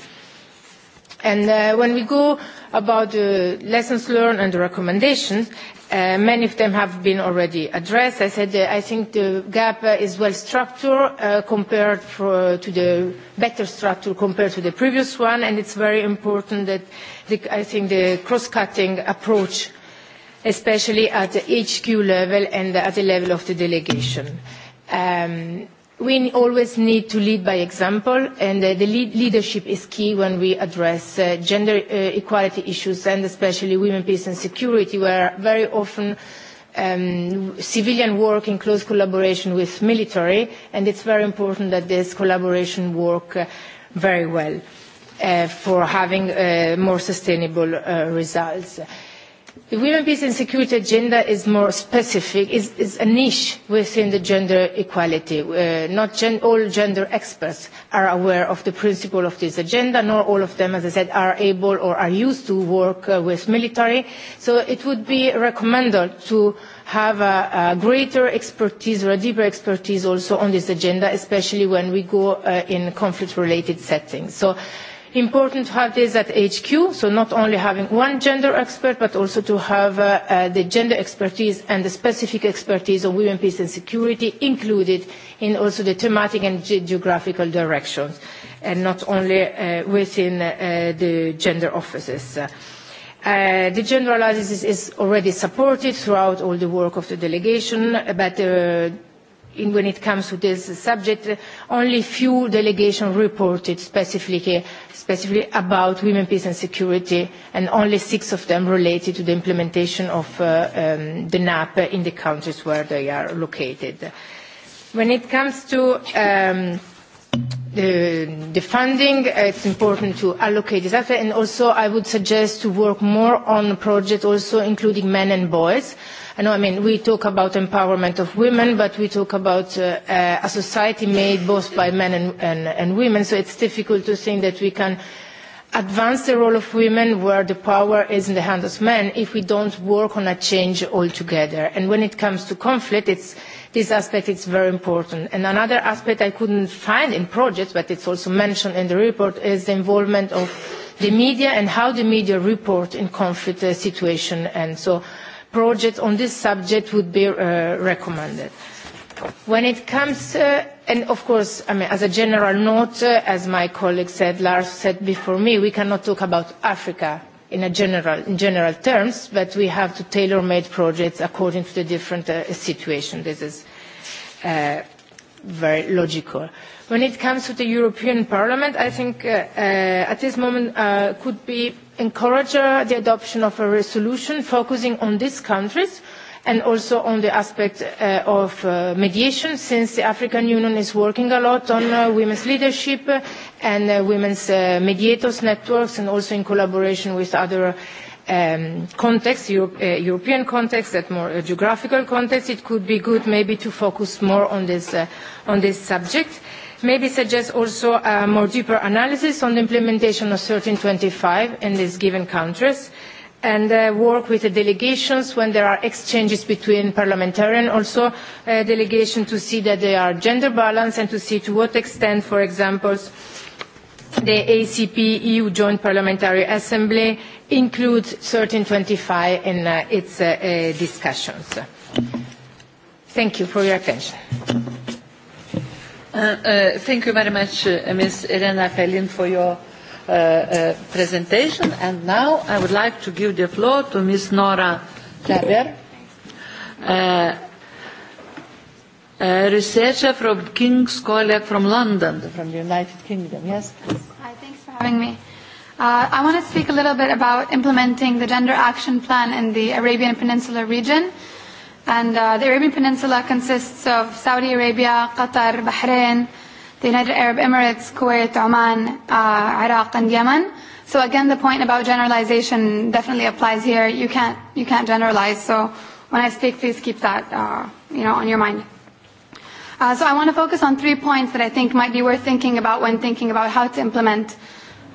S7: And uh, when we go about the uh, lessons learned and the recommendations, uh, many of them have been already addressed. I said uh, I think the gap uh, is well structured uh, compared for, uh, to the better structure compared to the previous one, and it's very important that the, I think the cross-cutting approach especially at the HQ level and at the level of the delegation. Um, we always need to lead by example, and uh, the lead leadership is key when we address uh, gender uh, equality issues and especially women, peace and security, where very often um, civilian work in close collaboration with military, and it's very important that this collaboration work uh, very well uh, for having uh, more sustainable uh, results. The Women, Peace and Security agenda is more specific, is, is a niche within the gender equality. Uh, not gen all gender experts are aware of the principle of this agenda, nor all of them, as I said, are able or are used to work uh, with military. So it would be recommended to have a, a greater expertise or a deeper expertise also on this agenda, especially when we go uh, in conflict-related settings. So important to have this at HQ, so not only having one gender expert, but also to have uh, uh, the gender expertise and the specific expertise on women, peace and security included in also the thematic and ge geographical directions, and not only uh, within uh, the gender offices. Uh, the gender analysis is already supported throughout all the work of the delegation, but uh, in, when it comes to this subject, only few delegations reported specifically, specifically about women, peace and security, and only six of them related to the implementation of uh, um, the NAP in the countries where they are located. When it comes to um, the, the funding, it's important to allocate this effort, and also I would suggest to work more on projects also including men and boys, I know, I mean, we talk about empowerment of women, but we talk about uh, uh, a society made both by men and, and, and women, so it's difficult to think that we can advance the role of women where the power is in the hands of men if we don't work on a change altogether. And when it comes to conflict, it's, this aspect is very important. And another aspect I couldn't find in projects, but it's also mentioned in the report, is the involvement of the media and how the media report in conflict uh, situation. And so project on this subject would be uh, recommended. When it comes, uh, and of course, I mean, as a general note, uh, as my colleague said, Lars said before me, we cannot talk about Africa in, a general, in general terms, but we have to tailor-made projects according to the different uh, situation. This is uh, very logical. When it comes to the European Parliament, I think uh, uh, at this moment uh, could be encourage uh, the adoption of a resolution focusing on these countries and also on the aspect uh, of uh, mediation, since the African Union is working a lot on uh, women's leadership and uh, women's uh, mediators networks, and also in collaboration with other um, contexts, Europe, uh, European context, that more uh, geographical context. It could be good maybe to focus more on this, uh, on this subject maybe suggest also a uh, more deeper analysis on the implementation of 1325 in these given countries and uh, work with the delegations when there are exchanges between parliamentarian also uh, delegation to see that they are gender balanced and to see to what extent, for example, the ACP EU Joint Parliamentary Assembly includes 1325 in uh, its uh, uh, discussions. Thank you for your attention.
S1: Uh, uh, thank you very much, uh, Ms. Elena Felin, for your uh, uh, presentation. And now I would like to give the floor to Ms. Nora Kleber, uh, a researcher from King's College from London, from the United Kingdom. Yes, Hi,
S8: thanks for having me. Uh, I want to speak a little bit about implementing the Gender Action Plan in the Arabian Peninsula region. And uh, the Arabian Peninsula consists of Saudi Arabia, Qatar, Bahrain, the United Arab Emirates, Kuwait, Oman, uh, Iraq, and Yemen. So again, the point about generalization definitely applies here. You can't, you can't generalize. So when I speak, please keep that uh, you know, on your mind. Uh, so I want to focus on three points that I think might be worth thinking about when thinking about how to implement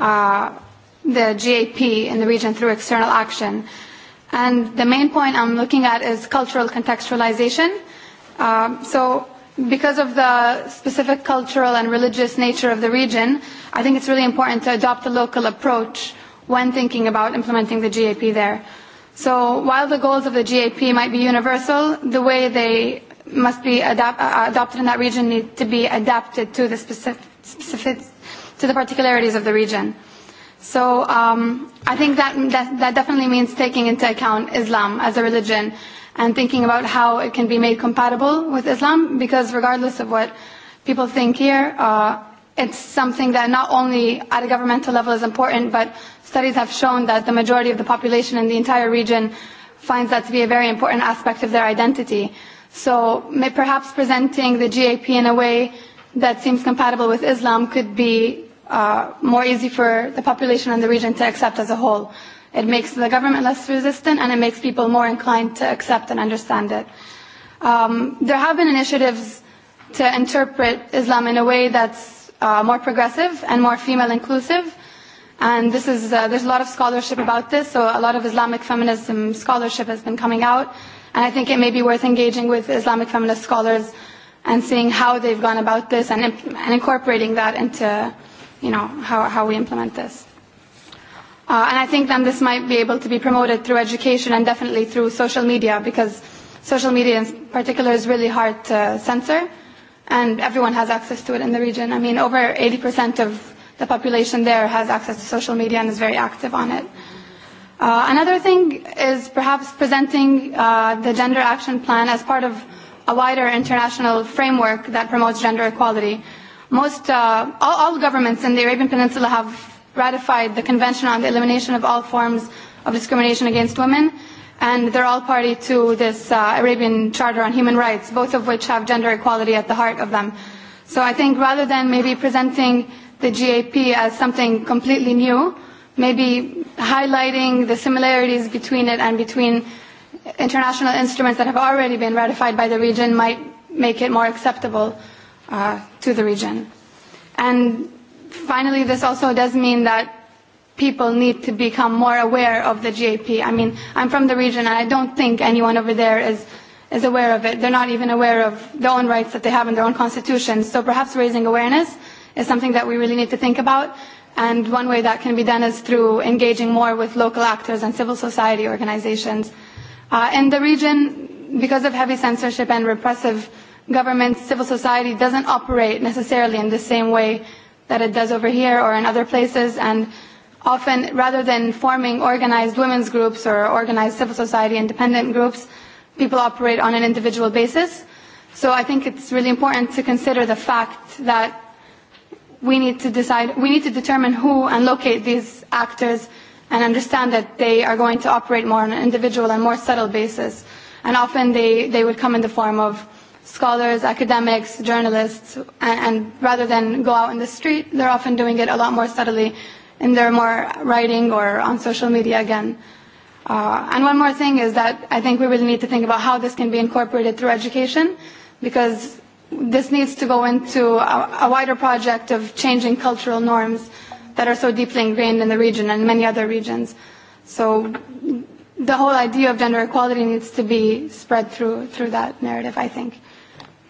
S8: uh, the GAP in the region through external action. And the main point I'm looking at is cultural contextualization. Um, so because of the specific cultural and religious nature of the region, I think it's really important to adopt a local approach when thinking about implementing the GAP there. So while the goals of the GAP might be universal, the way they must be adapt, uh, adopted in that region need to be adapted to the specific, specific to the particularities of the region. So um, I think that, that, that definitely means taking into account Islam as a religion and thinking about how it can be made compatible with Islam, because regardless of what people think here, uh, it's something that not only at a governmental level is important, but studies have shown that the majority of the population in the entire region finds that to be a very important aspect of their identity. So may perhaps presenting the GAP in a way that seems compatible with Islam could be uh, more easy for the population and the region to accept as a whole. It makes the government less resistant and it makes people more inclined to accept and understand it. Um, there have been initiatives to interpret Islam in a way that's uh, more progressive and more female inclusive. And this is, uh, there's a lot of scholarship about this, so a lot of Islamic feminism scholarship has been coming out. And I think it may be worth engaging with Islamic feminist scholars and seeing how they've gone about this and, and incorporating that into you know, how, how we implement this. Uh, and I think then this might be able to be promoted through education and definitely through social media because social media in particular is really hard to censor and everyone has access to it in the region. I mean, over 80% of the population there has access to social media and is very active on it. Uh, another thing is perhaps presenting uh, the Gender Action Plan as part of a wider international framework that promotes gender equality most uh, all, all governments in the Arabian Peninsula have ratified the Convention on the Elimination of All Forms of Discrimination Against Women, and they're all party to this uh, Arabian Charter on Human Rights, both of which have gender equality at the heart of them. So I think rather than maybe presenting the GAP as something completely new, maybe highlighting the similarities between it and between international instruments that have already been ratified by the region might make it more acceptable uh, to the region. And finally, this also does mean that people need to become more aware of the GAP. I mean, I'm from the region, and I don't think anyone over there is is aware of it. They're not even aware of their own rights that they have in their own constitution. So perhaps raising awareness is something that we really need to think about. And one way that can be done is through engaging more with local actors and civil society organizations. Uh, in the region, because of heavy censorship and repressive government, civil society doesn't operate necessarily in the same way that it does over here or in other places. And often, rather than forming organized women's groups or organized civil society independent groups, people operate on an individual basis. So I think it's really important to consider the fact that we need to decide, we need to determine who and locate these actors and understand that they are going to operate more on an individual and more subtle basis. And often they, they would come in the form of scholars, academics, journalists, and, and rather than go out in the street, they're often doing it a lot more subtly in their more writing or on social media again. Uh, and one more thing is that I think we really need to think about how this can be incorporated through education, because this needs to go into a, a wider project of changing cultural norms that are so deeply ingrained in the region and many other regions. So the whole idea of gender equality needs to be spread through, through that narrative, I think.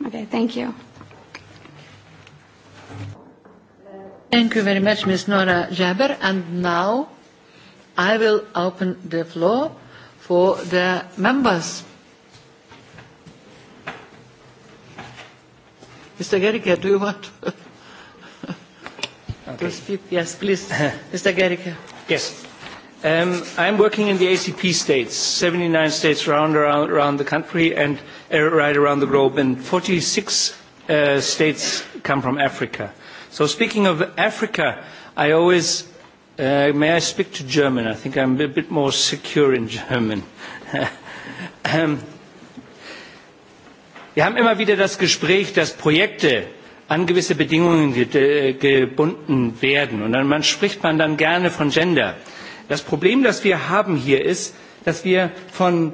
S8: Okay, thank you.
S1: Thank you very much, Ms. Nora Jaber. And now I will open the floor for the members. Mr. Gericke, do you want okay. to speak? Yes, please. Mr. Gericke.
S9: Yes. Um, I'm working in the ACP states, 79 states round around, around the country and uh, right around the globe, and 46 uh, states come from Africa. So speaking of Africa, I always, uh, may I speak to German? I think I'm a bit more secure in German. um, wir haben immer wieder das Gespräch, dass Projekte an gewisse Bedingungen äh, gebunden werden. Und dann man spricht man dann gerne von Gender. Das Problem, das wir haben hier, ist, dass wir von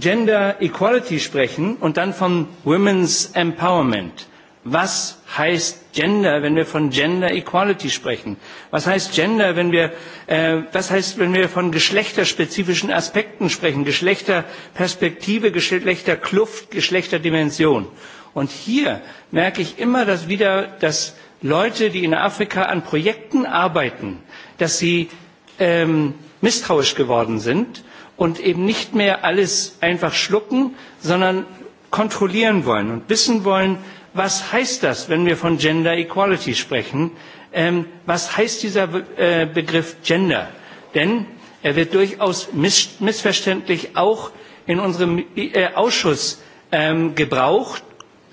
S9: Gender Equality sprechen und dann von Women's Empowerment. Was heißt Gender, wenn wir von Gender Equality sprechen? Was heißt Gender, wenn wir, äh, was heißt, wenn wir von geschlechterspezifischen Aspekten sprechen? Geschlechterperspektive, Geschlechterkluft, Geschlechterdimension. Und hier merke ich immer dass wieder, dass Leute, die in Afrika an Projekten arbeiten, dass sie ähm, misstrauisch geworden sind und eben nicht mehr alles einfach schlucken, sondern kontrollieren wollen und wissen wollen, was heißt das, wenn wir von Gender Equality sprechen? Ähm, was heißt dieser Be äh, Begriff Gender? Denn er wird durchaus miss missverständlich auch in unserem äh, Ausschuss ähm, gebraucht,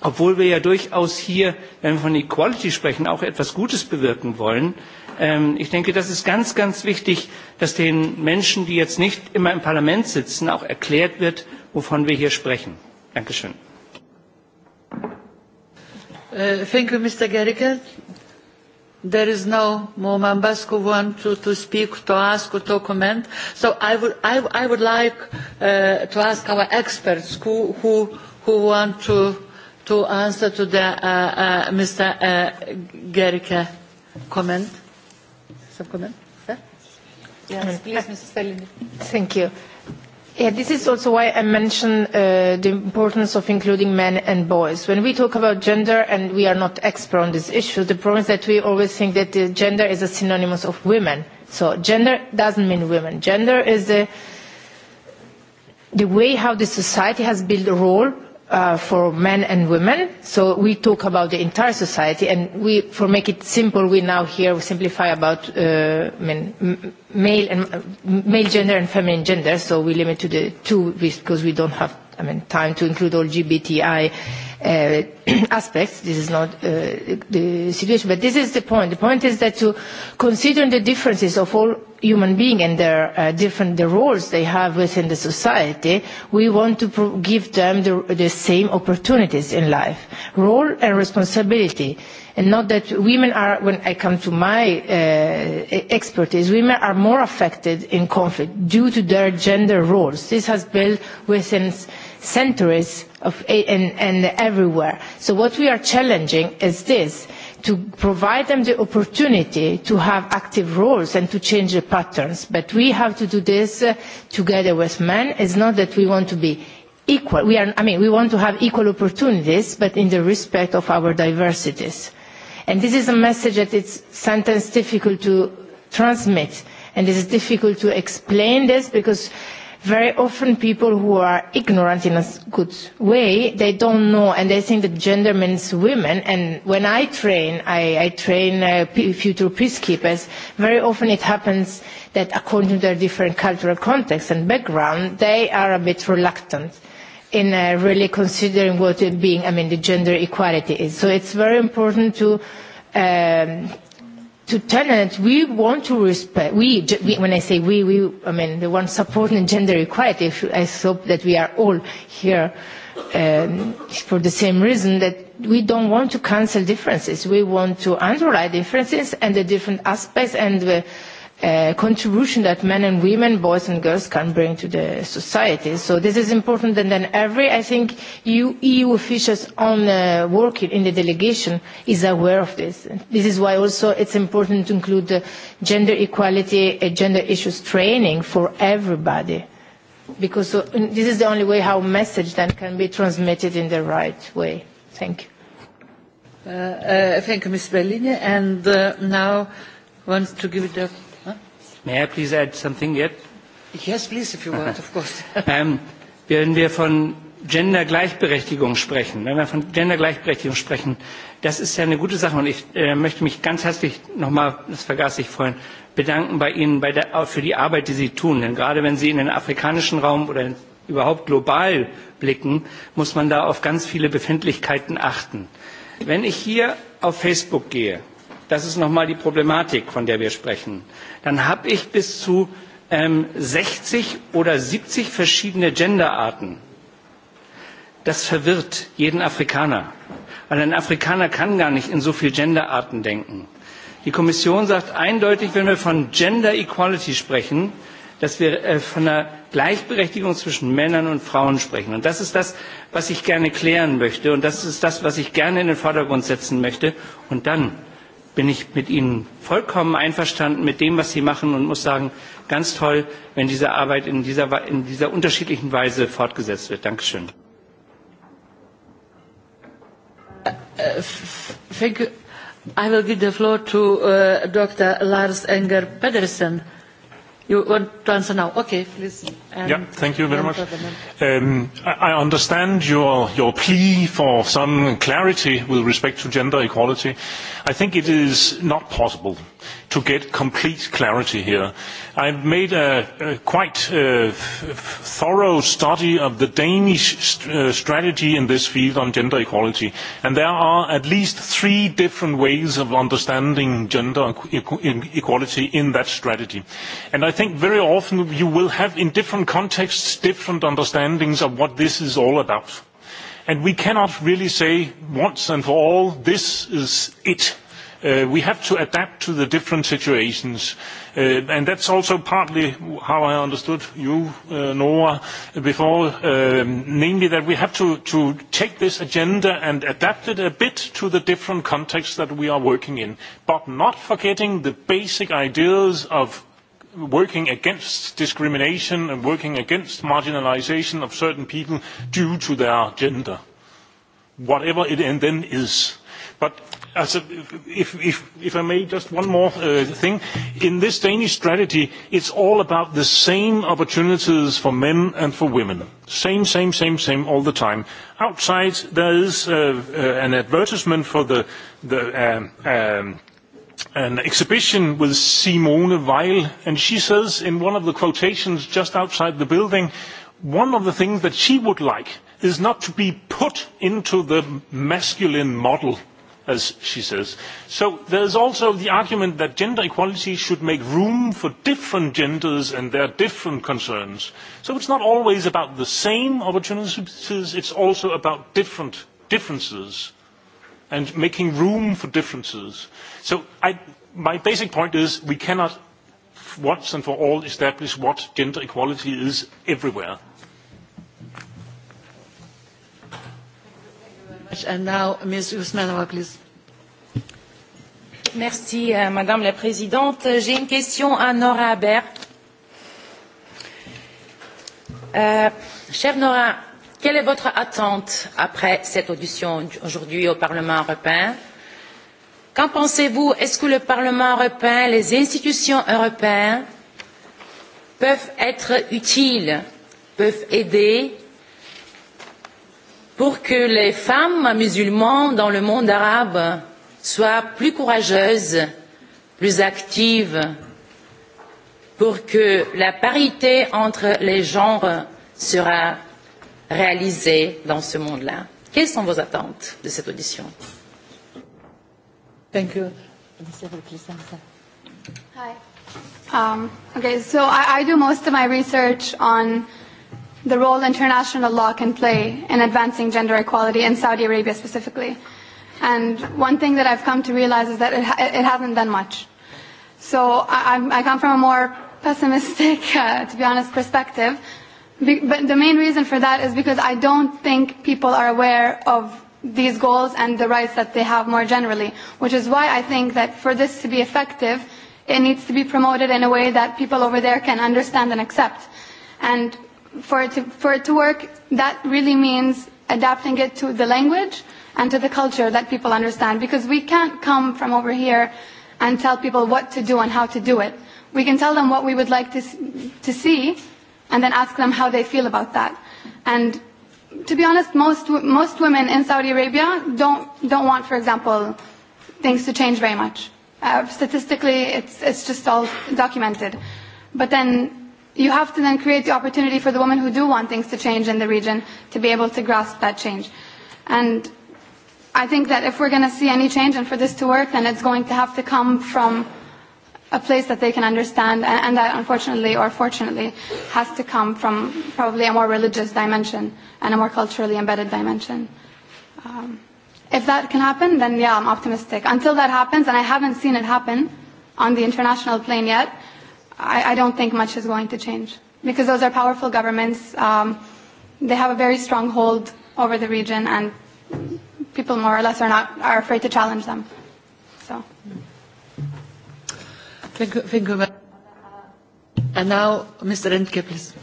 S9: obwohl wir ja durchaus hier, wenn wir von Equality sprechen, auch etwas Gutes bewirken wollen. Ähm, ich denke, das ist ganz, ganz wichtig, dass den Menschen, die jetzt nicht immer im Parlament sitzen, auch erklärt wird, wovon wir hier sprechen. Dankeschön.
S1: Uh, thank you, Mr. Gericke. There is no more members who want to, to speak, to ask, or to comment. So I would, I, I would like uh, to ask our experts who, who, who want to, to answer to the, uh, uh, Mr. Uh, Gericke comment some comment? Huh? Yes, mm. please, Mrs. Stellini. Thank you. Yeah, this
S7: is also why I mentioned uh, the importance of including men and boys. When we talk about gender, and we are not experts on this issue, the problem is that we always think that the gender is a synonymous of women. So gender doesn't mean women. Gender is the, the way how the society has built a role Uh, for men and women. So we talk about the entire society, and we, for make it simple, we now here we simplify about uh, men, male and male gender and feminine gender. So we limit to the two because we don't have I mean, time to include all GBTI uh, aspects. This is not uh, the situation, but this is the point. The point is that to consider the differences of all human beings and their uh, different the roles they have within the society, we want to pro- give them the, the same opportunities in life, role and responsibility and not that women are, when I come to my uh, e-, expertise, women are more affected in conflict due to their gender roles. This has built within centuries of, and, and everywhere. So what we are challenging is this, to provide them the opportunity to have active roles and to change the patterns. But we have to do this uh, together with men. It's not that we want to be equal. We are, I mean, we want to have equal opportunities, but in the respect of our diversities. And this is a message that it's sometimes difficult to transmit. And it is difficult to explain this because very often people who are ignorant in a good way, they don't know and they think that gender means women. And when I train, I, I train uh, future peacekeepers, very often it happens that according to their different cultural context and background, they are a bit reluctant in uh, really considering what it being, I mean, the gender equality is. So it's very important to um, to tenants, we want to respect, we, we, when I say we, we, I mean the ones supporting gender equality, I hope that we are all here um, for the same reason that we don't want to cancel differences. We want to underline differences and the different aspects and the, contribution that men and women, boys and girls can bring to the society. So this is important and then every, I think, EU, EU officials on uh, working in the delegation is aware of this. This is why also it's important to include the gender equality and uh, gender issues training for everybody because so, uh, this is the only way how message then can be transmitted in the right way. Thank you.
S1: Uh, uh, thank you, Ms. Berlin. And uh, now I want to give it
S9: up May I please add something yet? Yes, please, if you want, of course. um, wenn wir von Gendergleichberechtigung sprechen, wenn wir von Gendergleichberechtigung sprechen, das ist ja eine gute Sache und ich äh, möchte mich ganz herzlich nochmal, das vergaß ich vorhin, bedanken bei Ihnen bei der, für die Arbeit, die Sie tun. Denn gerade wenn Sie in den afrikanischen Raum oder in, überhaupt global blicken, muss man da auf ganz viele Befindlichkeiten achten. Wenn ich hier auf Facebook gehe das ist nochmal die Problematik, von der wir sprechen, dann habe ich bis zu ähm, 60 oder 70 verschiedene Genderarten. Das verwirrt jeden Afrikaner, weil ein Afrikaner kann gar nicht in so viele Genderarten denken. Die Kommission sagt eindeutig, wenn wir von Gender Equality sprechen, dass wir äh, von einer Gleichberechtigung zwischen Männern und Frauen sprechen. Und das ist das, was ich gerne klären möchte. Und das ist das, was ich gerne in den Vordergrund setzen möchte. Und dann bin ich mit Ihnen vollkommen einverstanden mit dem, was Sie machen und muss sagen, ganz toll, wenn diese Arbeit in dieser, in dieser unterschiedlichen Weise fortgesetzt wird. Dankeschön.
S1: Uh, thank you. I will give the floor to uh, äh, Dr. Lars Enger Pedersen You want to answer now? Okay, please. yeah, thank you very much.
S5: Um, I understand your, your plea for some clarity with respect to gender equality. I think it is not possible to get complete clarity here. I made a, a quite uh, thorough study of the Danish st uh, strategy in this field on gender equality, and there are at least three different ways of understanding gender e equality in that strategy. And I think very often you will have in different contexts different understandings of what this is all about. And we cannot really say once and for all, this is it Uh, we have to adapt to the different situations. Uh, and that's also partly how I understood you, uh, Nora, before, um, namely that we have to, to take this agenda and adapt it a bit to the different contexts that we are working in, but not forgetting the basic ideas of working against discrimination and working against marginalisation of certain people due to their gender, whatever it then is. But as uh, a, if, if, if I may, just one more uh, thing. In this Danish strategy, it's all about the same opportunities for men and for women. Same, same, same, same all the time. Outside, there is uh, uh, an advertisement for the, the um, um, an exhibition with Simone Weil, and she says in one of the quotations just outside the building, one of the things that she would like is not to be put into the masculine model as she says. So there is also the argument that gender equality should make room for different genders and their different concerns. So it's not always about the same opportunities, it's also about different differences and making room for differences. So I, my basic point is we cannot once and for all establish what gender equality is everywhere.
S1: Euh, Madame la Présidente. J'ai une
S7: question à Nora Haber. Euh, chère Nora, quelle est votre attente après cette audition aujourd'hui au Parlement européen Qu'en pensez-vous Est-ce que le Parlement européen, les institutions européennes peuvent être utiles, peuvent aider pour que les femmes musulmanes dans le monde arabe soient plus courageuses, plus actives, pour que la parité entre les genres sera réalisée dans ce monde-là. Quelles sont vos attentes de cette audition
S1: Thank you.
S8: Hi. Um, okay, so I, I do most of my research on the role international law can play in advancing gender equality in Saudi Arabia specifically. And one thing that I've come to realize is that it, ha- it hasn't done much. So I, I come from a more pessimistic, uh, to be honest, perspective. Be- but the main reason for that is because I don't think people are aware of these goals and the rights that they have more generally, which is why I think that for this to be effective, it needs to be promoted in a way that people over there can understand and accept. And for it to, for it to work, that really means adapting it to the language and to the culture that people understand. Because we can't come from over here and tell people what to do and how to do it. We can tell them what we would like to, to see and then ask them how they feel about that. And to be honest, most, most women in Saudi Arabia don't, don't want, for example, things to change very much. Uh, statistically, it's, it's just all documented. But then you have to then create the opportunity for the women who do want things to change in the region to be able to grasp that change. And I think that if we're going to see any change and for this to work, then it's going to have to come from a place that they can understand, and, and that unfortunately or fortunately has to come from probably a more religious dimension and a more culturally embedded dimension. Um, if that can happen, then yeah, I'm optimistic. Until that happens, and I haven't seen it happen on the international plane yet, I, I don't think much is going to change because those are powerful governments. Um, they have a very strong hold over the region, and people more or less are not are afraid to challenge them. So.
S6: Thank you. Thank you.
S1: And now, Mr. Rentke, please.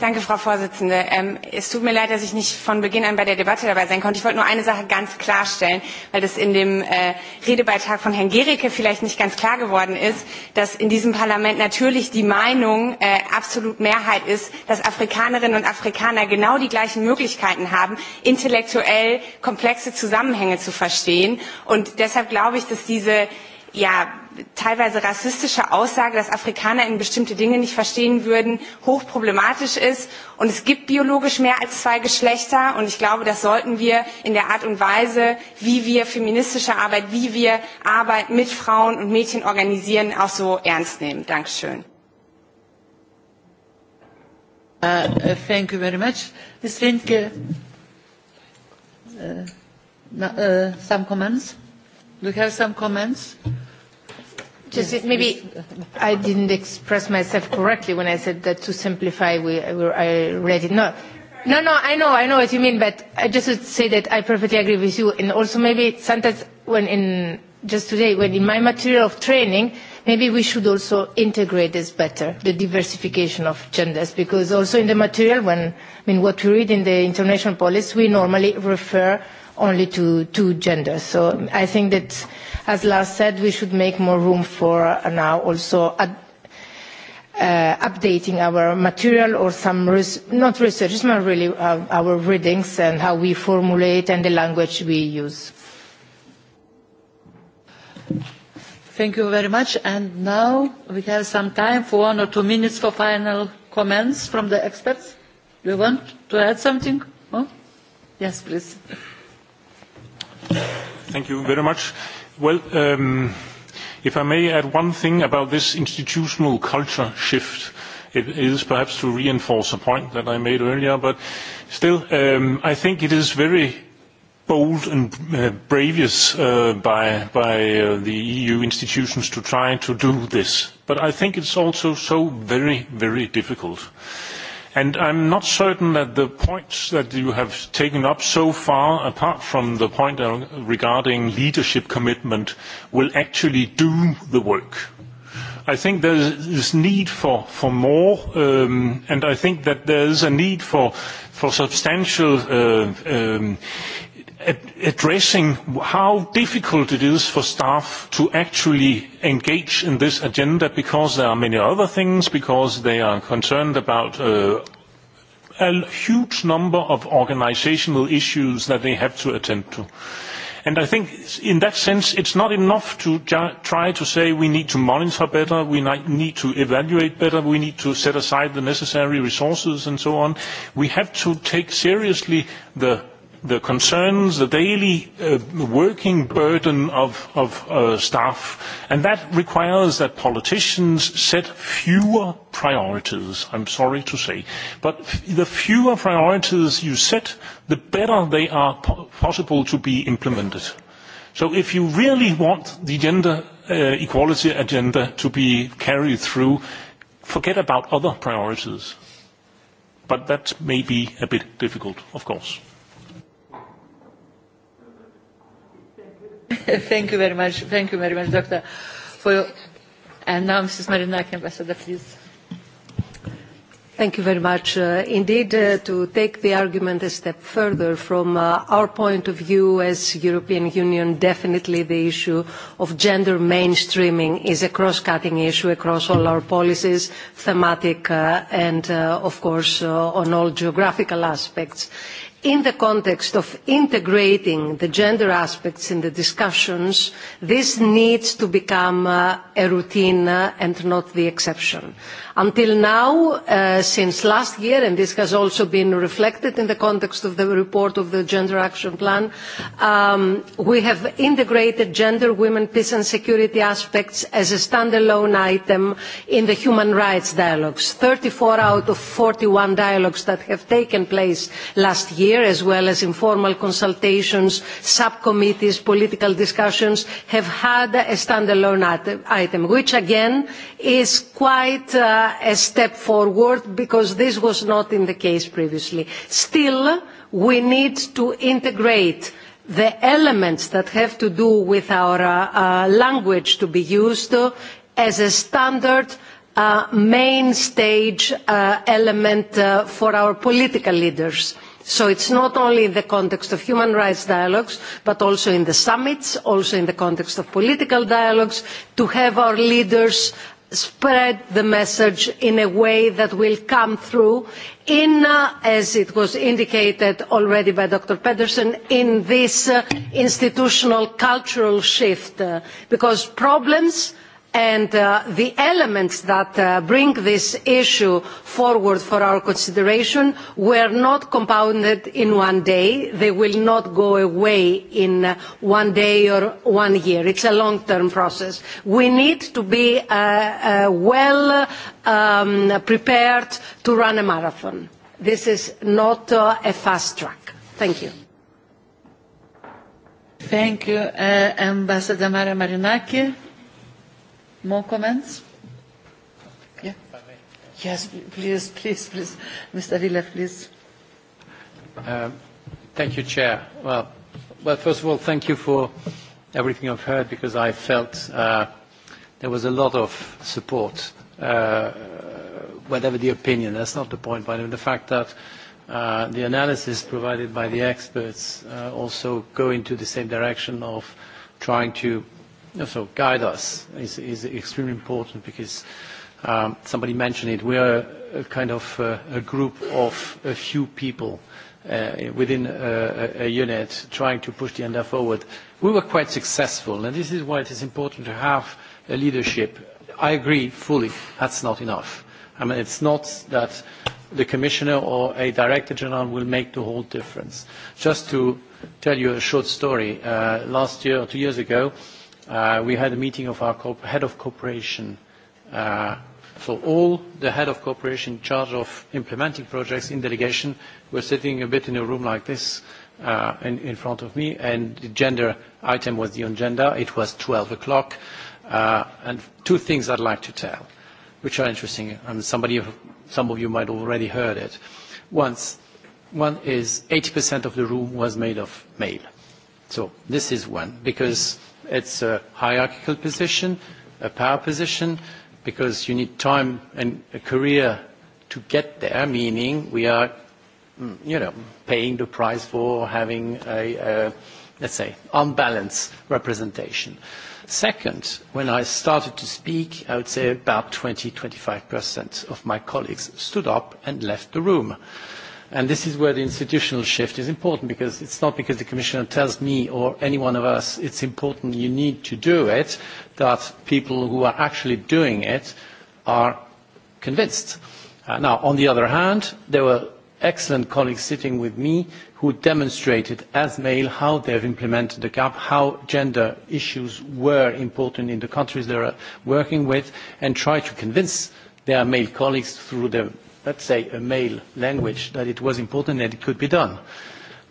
S1: Danke, Frau
S7: Vorsitzende. Ähm, es tut mir leid, dass ich nicht von Beginn an bei der Debatte dabei sein konnte. Ich wollte nur eine Sache ganz klarstellen, weil das in dem äh, Redebeitrag von Herrn Gericke vielleicht nicht ganz klar geworden ist, dass in diesem Parlament natürlich die Meinung äh, absolut Mehrheit ist, dass Afrikanerinnen und Afrikaner genau die gleichen Möglichkeiten haben, intellektuell komplexe Zusammenhänge zu verstehen. Und deshalb glaube ich, dass diese ja, teilweise rassistische Aussage, dass Afrikaner in bestimmte Dinge nicht verstehen würden, hochproblematisch ist. Und es gibt biologisch mehr als zwei Geschlechter. Und ich glaube, das sollten wir in der Art und Weise, wie wir feministische Arbeit, wie wir Arbeit mit Frauen und Mädchen organisieren, auch so
S1: ernst nehmen. Dankeschön. Uh, uh thank you very much. Ms. Finke, uh, uh, some comments? Do you have some comments? Just maybe
S7: I didn't express myself correctly when I said that to simplify, we, I read it. No, no, no, I know, I know what you mean, but I just would say that I perfectly agree with you. And also maybe sometimes when in, just today, when in my material of training, maybe we should also integrate this better, the diversification of genders, because also in the material, when, I mean, what we read in the international police, we normally refer only to, two genders. So I think that, as Lars said, we should make more room for uh, now also ad, uh, updating our material or some, res not research, it's not really uh, our readings and how we formulate and the language we use.
S1: Thank you very much. And now we have some time for one or two minutes for final comments from the experts. Do you want to add something? Oh? Yes, please.
S5: Thank you very much. Well, um, if I may add one thing about this institutional culture shift, it is perhaps to reinforce a point that I made earlier, but still, um, I think it is very bold and uh, bravious uh, by, by uh, the EU institutions to try to do this. But I think it's also so very, very difficult. Uh, And I'm not certain that the points that you have taken up so far, apart from the point regarding leadership commitment, will actually do the work. I think there is need for, for more, um, and I think that there is a need for, for substantial uh, um, addressing how difficult it is for staff to actually engage in this agenda because there are many other things, because they are concerned about uh, a huge number of organizational issues that they have to attend to. And I think in that sense, it's not enough to try to say we need to monitor better, we need to evaluate better, we need to set aside the necessary resources and so on. We have to take seriously the the concerns, the daily uh, working burden of, of uh, staff. And that requires that politicians set fewer priorities, I'm sorry to say. But f- the fewer priorities you set, the better they are po possible to be implemented. So if you really want the gender uh, equality agenda to be carried through, forget about other priorities. But that may be a bit difficult, of course.
S1: Thank you very much. Thank you very much, Doctor. For your... And now, Mrs. Marinak, Ambassador, please.
S4: Thank you very much. Uh, indeed, uh, to take the argument a step further, from uh, our point of view as European Union, definitely the issue of gender mainstreaming is a cross-cutting issue across all our policies, thematic, uh, and uh, of course uh, on all geographical aspects In the context of integrating the gender aspects in the discussions, this needs to become uh, a routine uh, and not the exception. Until now, uh, since last year, and this has also been reflected in the context of the report of the Gender Action Plan, um, we have integrated gender, women, peace and security aspects as a standalone item in the human rights dialogues. 34 out of 41 dialogues that have taken place last year year, as well as informal consultations, subcommittees, political discussions, have had a standalone item, which again is quite uh, a step forward because this was not in the case previously. Still, we need to integrate the elements that have to do with our uh, uh, language to be used as a standard uh, main stage uh, element uh, for our political leaders. So it's not only in the context of human rights dialogues, but also in the summits, also in the context of political dialogues, to have our leaders spread the message in a way that will come through in, uh, as it was indicated already by Dr. Pedersen, in this uh, institutional cultural shift, uh, because problems and uh, the elements that uh, bring this issue forward for our consideration were not compounded in one day. They will not go away in uh, one day or one year. It's a long-term process. We need to be uh, uh, well um, prepared to run a marathon. This is not uh, a fast track. Thank you.
S1: Thank you, Ambassador Mara Marinaki. More comments? Yeah. Yes, please, please, please. Mr. Villa, please.
S3: Um, thank you, Chair. Well, well, first of all, thank you for everything I've heard because I felt uh, there was a lot of support, uh, whatever the opinion. That's not the point, but the fact that uh, the analysis provided by the experts uh, also go into the same direction of trying to so guide us is, is extremely important because um, somebody mentioned it. We are a kind of uh, a group of a few people uh, within a, a unit trying to push the agenda forward. We were quite successful, and this is why it is important to have a leadership. I agree fully, that's not enough. I mean, it's not that the commissioner or a director general will make the whole difference. Just to tell you a short story, uh, last year or two years ago, uh, Uh, we had a meeting of our head of cooperation, uh, so all the head of cooperation in charge of implementing projects in delegation were sitting a bit in a room like this uh, in, in front of me, and the gender item was the agenda. It was 12 o'clock, uh, and two things I'd like to tell, which are interesting, and somebody, some of you might already heard it. Once, one is 80% of the room was made of male. So this is one, because It's a hierarchical position, a power position, because you need time and a career to get there, meaning we are, mm, you know, paying the price for having a, a let's say, unbalanced representation. Second, when I started to speak, I would say about 20-25% of my colleagues stood up and left the room. Uh, And this is where the institutional shift is important because it's not because the Commissioner tells me or any one of us it's important you need to do it that people who are actually doing it are convinced. Uh, now, on the other hand, there were excellent colleagues sitting with me who demonstrated as male how they've implemented the gap, how gender issues were important in the countries they are working with, and try to convince their male colleagues through the let's say, a male language, that it was important that it could be done.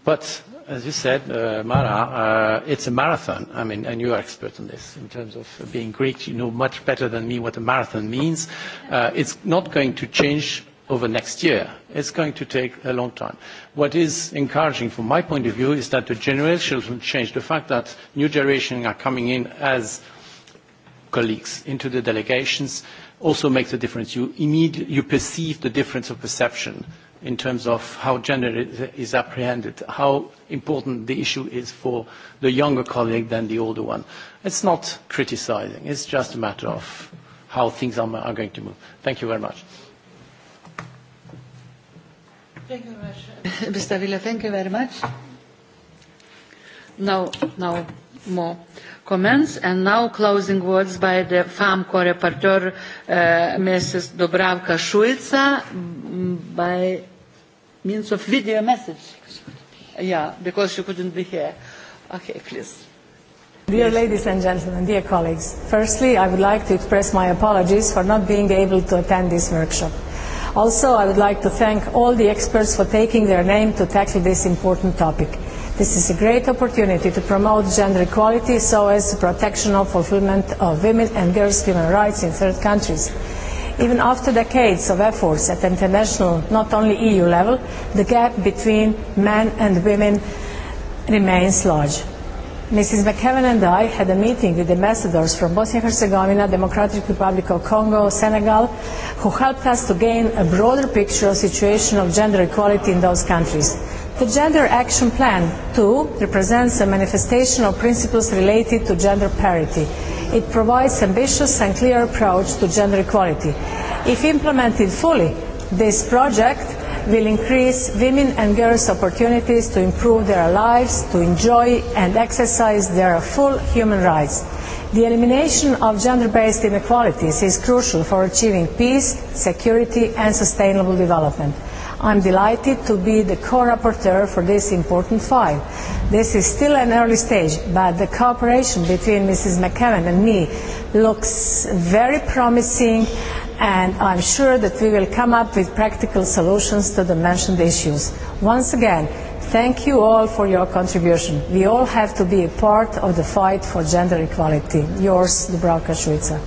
S3: But as you said, uh, Mara, uh, it's a marathon. I mean, and you are expert on this in terms of being Greek. You know much better than me what a marathon means. Uh, it's not going to change over next year. It's going to take a long time. What is encouraging from my point of view is that the generational change, the fact that new generations are coming in as – colleagues into the delegations also makes a difference. You, immediately, you perceive the difference of perception in terms of how gender is, is apprehended, how important the issue is for the younger colleague than the older one. It's not criticizing, it's just a matter of how things are, are going to move. Thank you very much.
S1: Thank you very much. Mr. Villa, thank you very much. Now, now more comments. And now closing words by the farm co-rapporteur, uh, Mrs. Dobravka Šuica, by means of video message. Yeah, because she couldn't be here. Okay, please.
S10: Dear ladies and gentlemen, dear colleagues, firstly, I would like to express my apologies for not being able to attend this workshop. Also, I would like to thank all the experts for taking their name to tackle this important topic. This is a great opportunity to promote gender equality so as the protection of fulfillment of women and girls' human rights in third countries. Even after decades of efforts at international, not only EU level, the gap between men and women remains large. Mrs. McKevin and I had a meeting with ambassadors from Bosnia-Herzegovina, Democratic Republic of Congo, Senegal, who helped us to gain a broader picture of the situation of gender equality in those countries. The Gender Action Plan, too, represents a manifestation of principles related to gender parity. It provides ambitious and clear approach to gender equality. If implemented fully, this project will increase women and girls' opportunities to improve their lives, to enjoy and exercise their full human rights. The elimination of gender-based inequalities is crucial for achieving peace, security and sustainable development. I'm delighted to be the co-rapporteur for this important file. This is still an early stage, but the cooperation between Mrs. McKevin and me looks very promising, and I'm sure that we will come up with practical solutions to the mentioned issues. Once again, thank you all for your contribution. We all have to be a part of the fight for gender equality. Yours, Dubravka Šuica.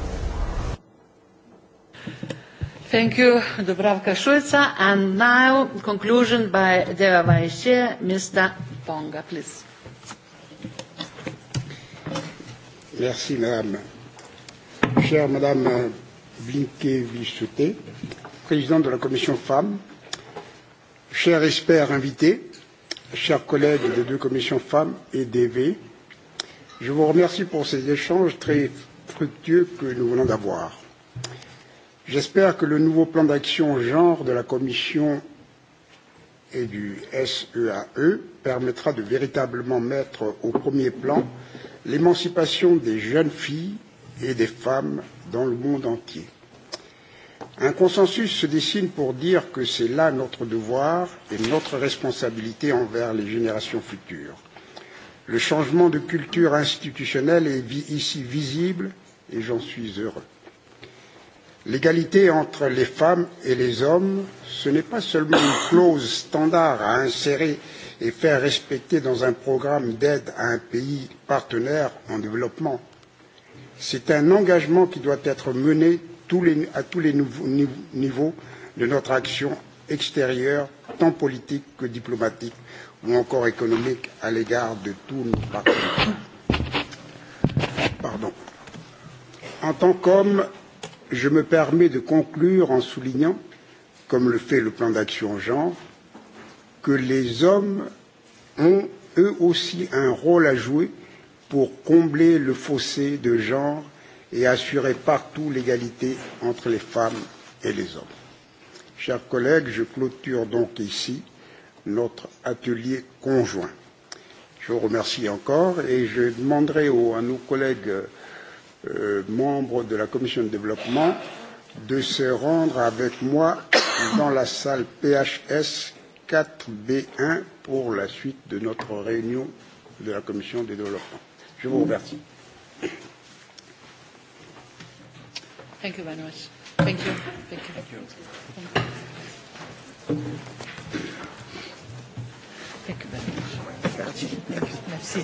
S1: Thank you, Dubravka Šuica. And now, conclusion by the Vice Chair, Mr. Ponga, please.
S2: Merci, Madame. Chère Madame Blinkevichouté, présidente de la Commission Femmes, chers experts invités, chers collègues des deux commissions Femmes et DV, je vous remercie pour ces échanges très fructueux que nous venons d'avoir. J'espère que le nouveau plan d'action genre de la Commission et du SEAE e permettra de véritablement mettre au premier plan l'émancipation des jeunes filles et des femmes dans le monde entier. Un consensus se dessine pour dire que c'est là notre devoir et notre responsabilité envers les générations futures. Le changement de culture institutionnelle est ici visible et j'en suis heureux. L'égalité entre les femmes et les hommes, ce n'est pas seulement une clause standard à insérer et faire respecter dans un programme d'aide à un pays partenaire en développement. C'est un engagement qui doit être mené tous les, à tous les niveaux de notre action extérieure, tant politique que diplomatique ou encore économique à l'égard de tous nos partenaires. Pardon. En tant qu'homme, je me permets de conclure en soulignant, comme le fait le plan d'action genre, que les hommes ont eux aussi un rôle à jouer pour combler le fossé de genre et assurer partout l'égalité entre les femmes et les hommes. Chers collègues, je clôture donc ici notre atelier conjoint. Je vous remercie encore et je demanderai aux, à nos collègues Euh, membres de la commission de développement de se rendre avec moi dans la salle PHS 4B1 pour la suite de notre réunion de la commission des développement. Je vous remercie.
S1: Thank you, Thank you.
S3: Thank you. Thank you. Thank you. Thank you. Merci.